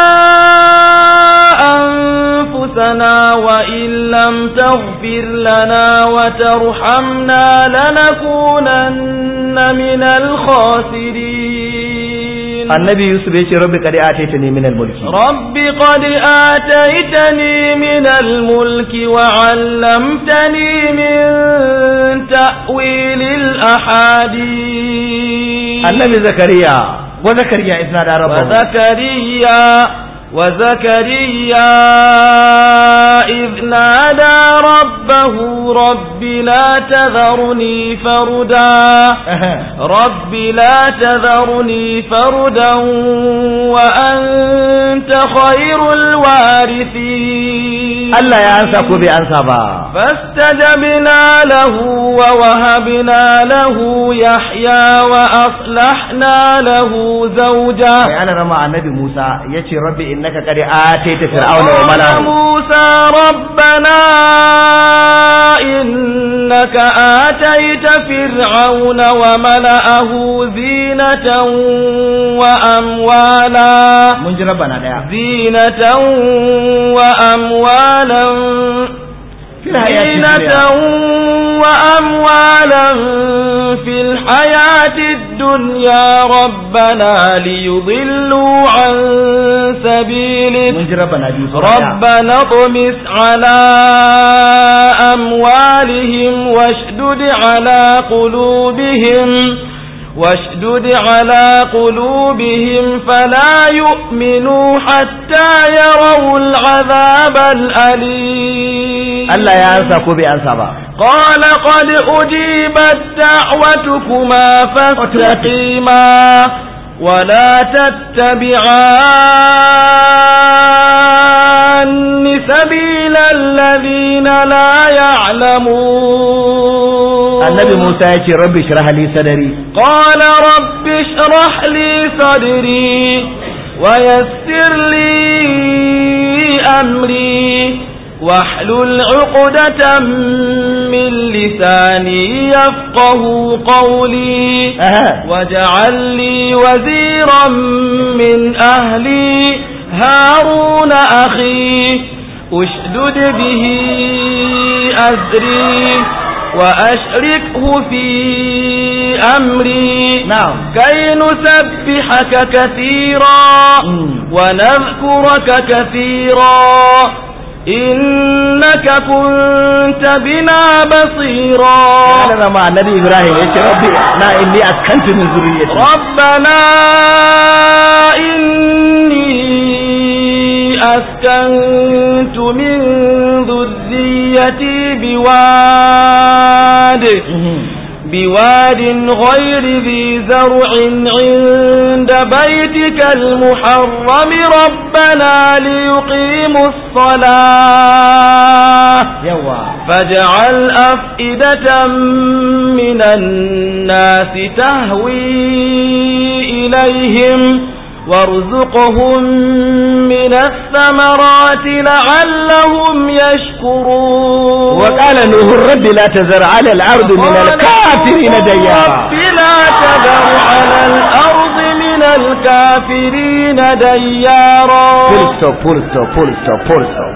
S1: أنفسنا وإن لم تغفر لنا وترحمنا لنكونن من الخاسرين
S2: النبي يوسف يقول رب قد آتيتني من الملك
S1: رب قد آتيتني من الملك وعلمتني من تأويل الأحاديث النبي
S2: زكريا وزكريا إذن
S1: على ربه وزكريا وزكريا إذ نادى ربه رب لا تذرني فردا <laughs> رب لا تذرني فردا وأنت خير الوارثين ألا يا أنسى كوبي فاستجبنا له ووهبنا له يحيى وأصلحنا
S2: له زوجا يعني أنا مع النبي موسى يتي ربي innaka qad atayta fir'auna wa malahu
S1: Musa rabbana innaka atayta fir'auna wa mala'ahu zinatan wa amwala mun ji rabbana daya zinatan wa amwalan
S2: زينة
S1: وأموالا في الحياة الدنيا ربنا ليضلوا عن سبيلك
S2: ربنا
S1: اطمس على أموالهم واشدد على قلوبهم واشدد على قلوبهم فلا يؤمنوا حتى يروا العذاب الأليم ألا ينسكوا بأنسبا قال قد أجيبت دعوتكما فاستقيما ولا تتبعا عني سبيل الذين لا يعلمون
S2: النبي موسى يقول ربي اشرح لي صدري
S1: قال رب اشرح لي صدري ويسر لي أمري واحلل عقدة من لساني يفقه قولي واجعل لي وزيرا من أهلي هارون أخي أشدد به أزري وأشركه في أمري نعم كي نسبحك كثيرا ونذكرك كثيرا إنك كنت بنا بصيرا أنا مع النبي إبراهيم يا ربي لا إني أسكنت من ذريتي ربنا إني أسكنت من ذريتي بواد بواد غير ذي زرع عند بيتك المحرم ربنا ليقيموا الصلاة فاجعل أفئدة من الناس تهوي إليهم وارزقهم من الثمرات لعلهم يشكرون وقال نوح رب لا تذر على الأرض من الكافرين ديارا رب لا تذر على
S2: الأرض من الكافرين ديارا فلسو فلسو فلسو فلسو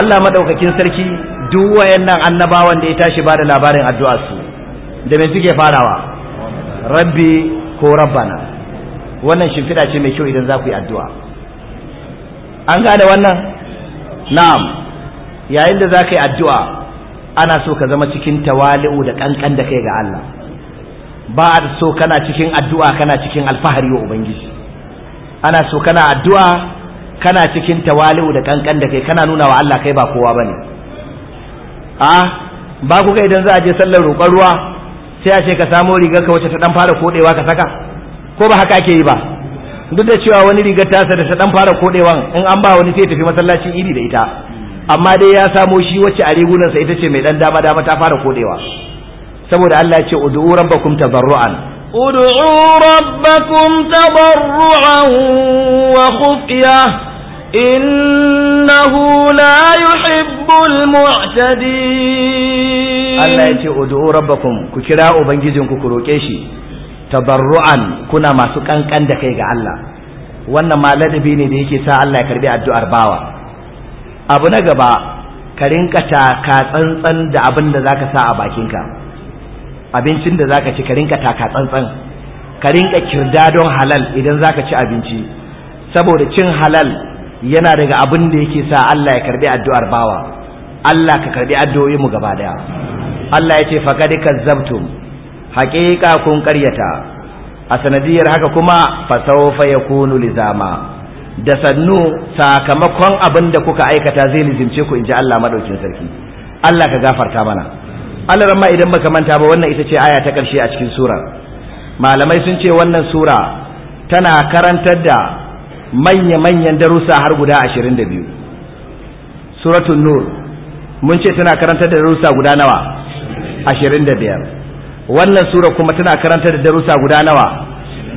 S2: الله مدوكاكين سركي duk wayannan annabawan da ya tashi bada labarin addu'a su da me suke farawa rabbi ko rabbana wannan shimfiɗa ce mai kyau idan za ku yi addu'a an gane wannan na'am yayin da za ka yi addu'a ana so ka zama cikin tawali'u da ƙanƙan da kai ga Allah ba a so kana cikin addu'a kana cikin alfahari wa ubangiji ana so kana addu'a kana cikin tawali'u da ƙanƙan da kai kana nuna wa Allah kai ba kowa bane a ba ku ga idan za a je sallar roƙon ruwa sai a ce ka samo rigar ka wacce ta ɗan fara koɗewa ka saka ko ba haka ake yi ba duk da cewa wani rigar tasa da ta dan fara kodewan in an ba wani sai tafi masallacin iri da ita amma dai ya samo shi wacce a rigunansa ita ce mai dan dama dama ta fara kodewa saboda Allah ya ce ud'u rabbakum tabarru'an innahu la yuhibbul mu'tadin Allah ya ce ud'u rabbakum ku kira ubangijinku ku roke shi. tabarru'an kuna masu kankan da kai ga Allah wannan ma ladabi ne da yake sa Allah ya karbi addu'ar bawa abu na gaba ka rinka taka tsantsan da abin da zaka sa a bakinka abincin da zaka ci ka rinka taka tsantsan ka rinka kirda don halal idan zaka ci abinci saboda cin halal yana daga abin da yake sa Allah ya karbi addu'ar bawa Allah ka karbi addu'o'i mu gaba daya Allah ya ce faqad kazzabtum hakika kun karyata a sanadiyar haka kuma fasaufa ya kunu lizama da sannu sakamakon abin da kuka aikata zai lizimce ku in ji Allah maɗaukin sarki Allah ka gafarta mana Allah ma idan baka manta ba wannan ita ce aya ta ƙarshe a cikin sura malamai sun ce wannan sura tana karantar da manya-manyan darussa har guda ashirin da biyu suratun nur mun ce tana karantar da darussa guda nawa ashirin da biyar wannan sura kuma tana karanta da darussa guda nawa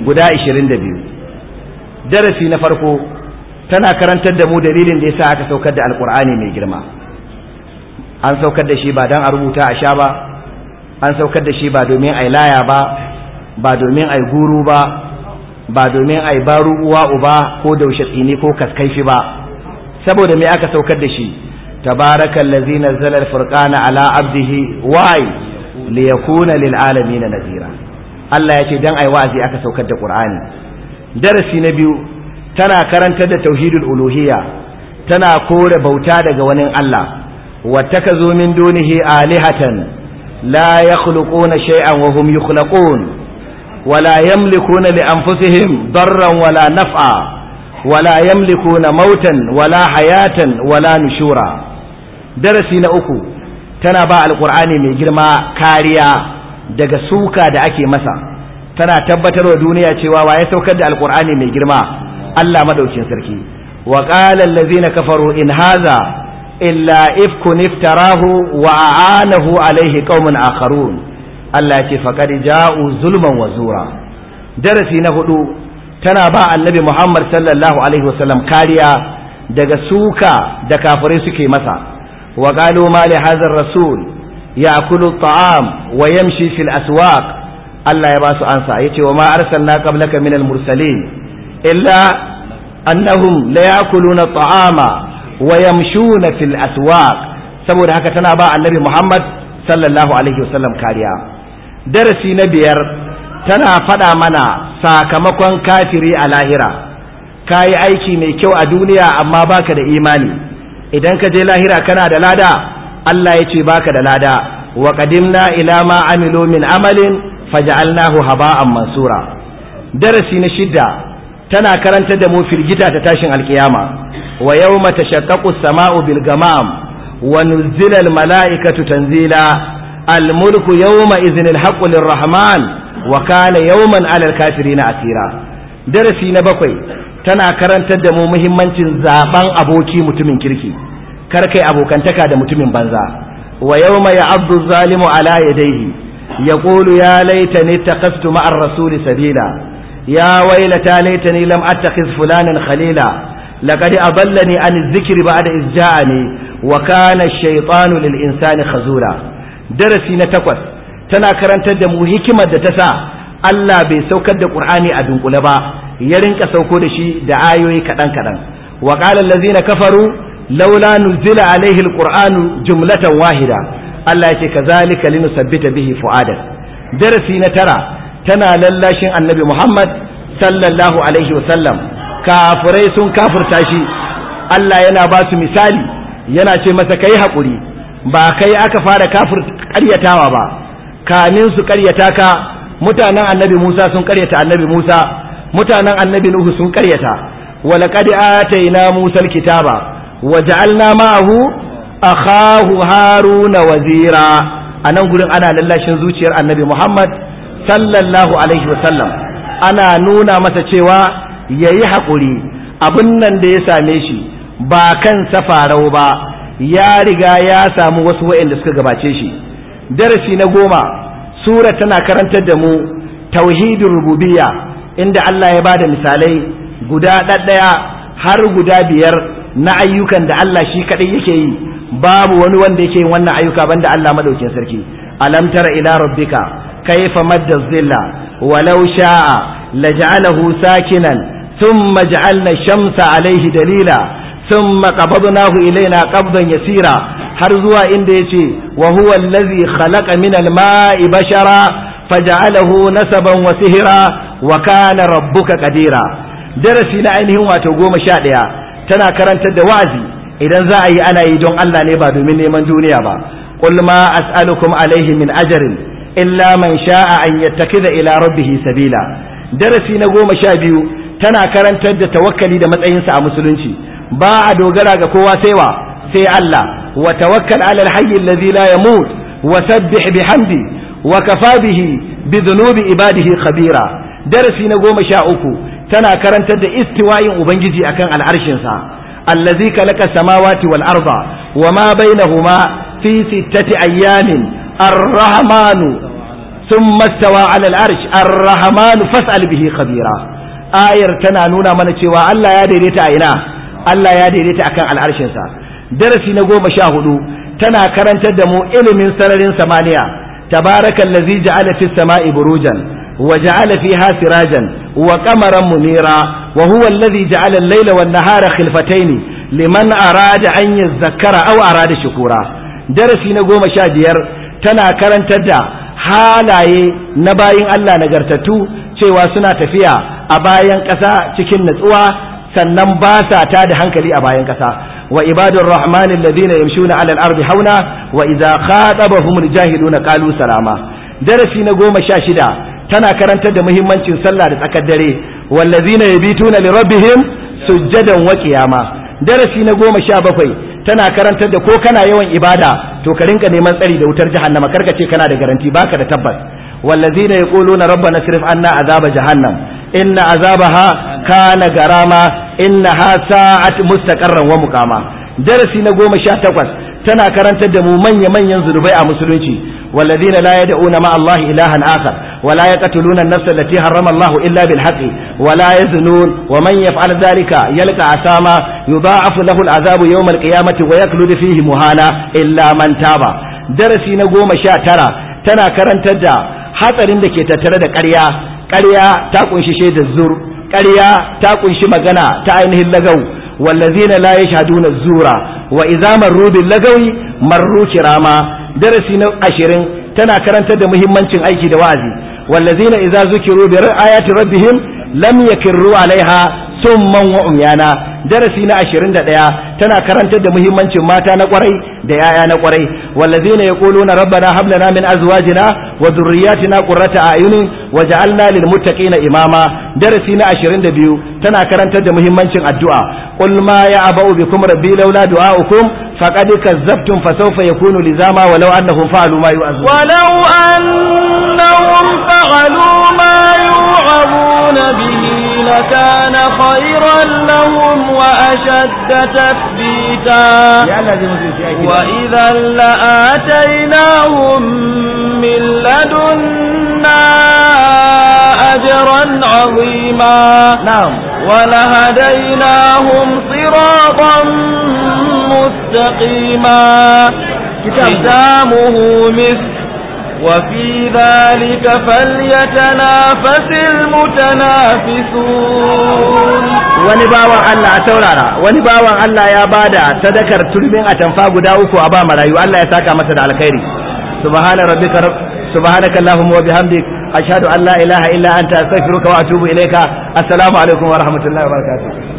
S2: guda 22 darasi na farko tana karantar da mu dalilin da yasa aka saukar da alkur'ani mai girma an saukar da shi ba don a rubuta a sha ba an saukar da shi ba domin ai laya ba ba domin ai guru ba ba domin ai baru uwa uba ko daushe tsini ko kaskaifi ba saboda me aka saukar da shi tabarakallazi nazzala alfurqana ala abdihi wai liyakuna lil'alami na nadira Allah ya ce dan ai wa'azi aka saukar da Qur'ani darasi na biyu tana karantar da tauhidul uluhiyya tana kore bauta daga wani Allah wattakazu min dunihi alihatan la yakhluquna shay'an wa hum yukhlaqun ولا يملكون لأنفسهم ضرا ولا wala ولا يملكون موتا ولا حياة ولا نشورا darasi na uku tana ba alkur'ani mai girma kariya daga suka da ake masa tana tabbatar wa duniya cewa waye saukar da alkur'ani mai girma Allah madaukin sarki wa qala allazina kafaru in haza illa ifkun iftarahu wa aanahu alaihi qaumun akharun Allah ce faqad ja'u zulman wa zura darasi na hudu tana ba annabi Muhammad sallallahu alaihi wasallam kariya daga suka da kafirai suke masa وقالوا ما لهذا الرسول يأكل الطعام ويمشي في الأسواق الله يباس أنسى يتي وما أرسلنا قبلك من المرسلين إلا أنهم ليأكلون الطعام ويمشون في الأسواق saboda haka tana ba annabi Muhammad sallallahu alaihi wasallam kariya darasi na biyar tana faɗa mana sakamakon kafiri a lahira ka yi aiki mai kyau a duniya amma baka da imani idan ka je lahira kana da lada Allah ya ce baka da lada wa qadimna ila ma amilu min amalin faj'alnahu haba'an mansura darasi na shidda tana karantar da mu firgita ta tashin alkiyama wa yawma tashaqqaqu as-sama'u bil gamam wa nuzila al mala'ikatu tanzila al mulku yawma idhin al haqqu lir rahman wa kana yawman ala al kafirina asira darasi na bakwai tana karantar da mu muhimmancin zaben aboki mutumin kirki kar kai abokantaka da mutumin banza wa yawma ya'addu zalimu ala yadayhi yaqulu ya laitani taqastu ma'ar rasuli sabila ya wailata laitani lam attakhiz fulanan khalila laqad a an dhikri ba'da iz ja'ani wa kana ash-shaytanu lil insani khazura darasi na takwas tana karantar da mu hikimar da ta sa Allah bai saukar da Qur'ani a dunkule ba ya rinka sauko da shi da ayoyi kaɗan kaɗan wa qala allazina kafaru laula nuzila alaihi alqur'anu jumlatan wahida Allah ya ce kazalika linusabbita bihi fuadak darasi na tara tana lallashin annabi Muhammad sallallahu alaihi wasallam kafirai sun kafirta shi Allah yana ba su misali yana ce masa kai haƙuri ba kai aka fara kafir karyatawa ba kanin su ƙaryata ka mutanen annabi Musa sun karyata annabi Musa mutanen annabi nuhu sun karyata wa laqad atayna musa alkitaba wa ja'alna ma'ahu akhahu haruna wazira anan gurin ana lallashin zuciyar annabi muhammad sallallahu alaihi wa sallam ana nuna masa cewa yayi hakuri abin nan da ya same shi ba kan safarau ba ya riga ya samu wasu waɗanda suka gabace shi darasi na goma sura tana karantar da mu tauhidin rububiyya inda Allah ya bada misalai guda ɗaɗɗaya har guda biyar na ayyukan da Allah shi kaɗai yake yi babu wani wanda yake yin wannan ayyuka banda Allah maɗaukin sarki alam tara ila rabbika madda zilla walau sha'a laj'alahu sakinan thumma ja'alna shamsa Alaihi dalila thumma qabadnahu ilayna qabdan yasira har zuwa inda yace wa huwa allazi khalaqa min al-ma'i bashara faj'alahu nasaban wa sihra wa kana rabbuka qadira darasi na ainihin wato goma sha ɗaya tana karantar da wazi idan za a yi ana yi don Allah ne ba domin neman duniya ba qul ma as'alukum alaihi min ajrin illa man sha'a an da ila rabbih sabila darasi na goma sha biyu tana karantar da tawakkali da matsayinsa a musulunci ba a dogara ga kowa sai wa sai Allah wa tawakkal ala alhayy alladhi la yamut wa sabbih bihamdi wa kafa bihi bi dhunubi ibadihi khabira darasi na goma sha uku tana karantar da istiwayin ubangiji akan al'arshinsa allazi kalaka samawati wal arda wa ma bainahuma fi sittati ayyamin ar thumma istawa ala al-arsh fas'al bihi khabira ayar tana nuna mana cewa Allah ya daidaita a ina Allah ya daidaita akan al'arshinsa darasi na goma sha hudu tana karantar da mu ilimin sararin samaniya tabarakallazi ja'ala fis sama'i burujan وجعل فيها سراجا وقمرا منيرا وهو الذي جعل الليل والنهار خلفتين لمن أراد أن يذكر أو أراد شكورا درسي نقوم شاجير تنا كرن تدع halaye na bayan Allah nagartattu cewa suna tafiya a bayan ƙasa cikin natsuwa sannan ba sa ta da hankali a bayan ƙasa wa ibadur rahmanin ladina yamshuna alal ardi hauna wa idza khatabahum aljahiluna qalu salama darasi na goma sha shida tana karantar da muhimmancin sallah da tsakar dare wallazina yabituna li rabbihim sujjadan wa qiyama darasi na goma sha bakwai tana karantar da ko kana yawan ibada to ka rinka neman tsari da wutar jahannama karka ce kana da garanti baka da tabbas wallazina yaquluna rabbana sirif anna azaba jahannam inna azabaha kana garama ha, sa'at mustaqarran wa muqama darasi na goma sha takwas tana karantar da mu manya manyan zunubai a musulunci wallazina la yad'una ma Allah ilahan akhar ولا يقتلون النفس التي حرم الله إلا بالحق ولا يزنون ومن يفعل ذلك يلقى عساما يضاعف له العذاب يوم القيامة ويخلد فيه مهانا إلا من تاب درسي نقوم شاترا تنا كرنتدا hatsarin da ke tattare da ƙarya ƙarya ta kunshi shaidar zur ƙarya ta ƙunshi magana ta ainihin lagau wallazina la yashhaduna zura wa idza rubin bil lagawi marru darasi na ashirin tana karantar da muhimmancin aiki da wa'azi wallazina idza zukiru bi ayati rabbihim lam yakirru alaiha summan wa umyana darasi na ɗaya tana karantar da muhimmancin mata na kwarai da yaya na kwarai wallazina yaquluna rabbana hab lana min azwajina wa a qurrata a'yunin waj'alna lil na imama darasi na biyu tana karantar da muhimmancin addu'a qul ma ya'ba'u bikum rabbi laula du'a'ukum faqad kazzabtum ya yakunu lizama walau annahum fa'alu ma yu'azun
S1: walau annahum fa'alu ma yu'azun bihi لكان خيرا لهم وأشد تثبيتا وإذا لآتيناهم من لدنا أجرا عظيما نعم ولهديناهم صراطا مستقيما كتابه مثل وفي ذلك فليتنافس المتنافسون wani bawan
S2: Allah a taurara wani bawan Allah ya bada sadakar turbin a atamfa guda uku a ba marayu Allah ya saka masa da alkhairi subhana rabbika subhanaka allahumma wa bihamdik ashhadu an la ilaha illa anta astaghfiruka wa atubu ilayka assalamu alaikum wa rahmatullahi wa barakatuh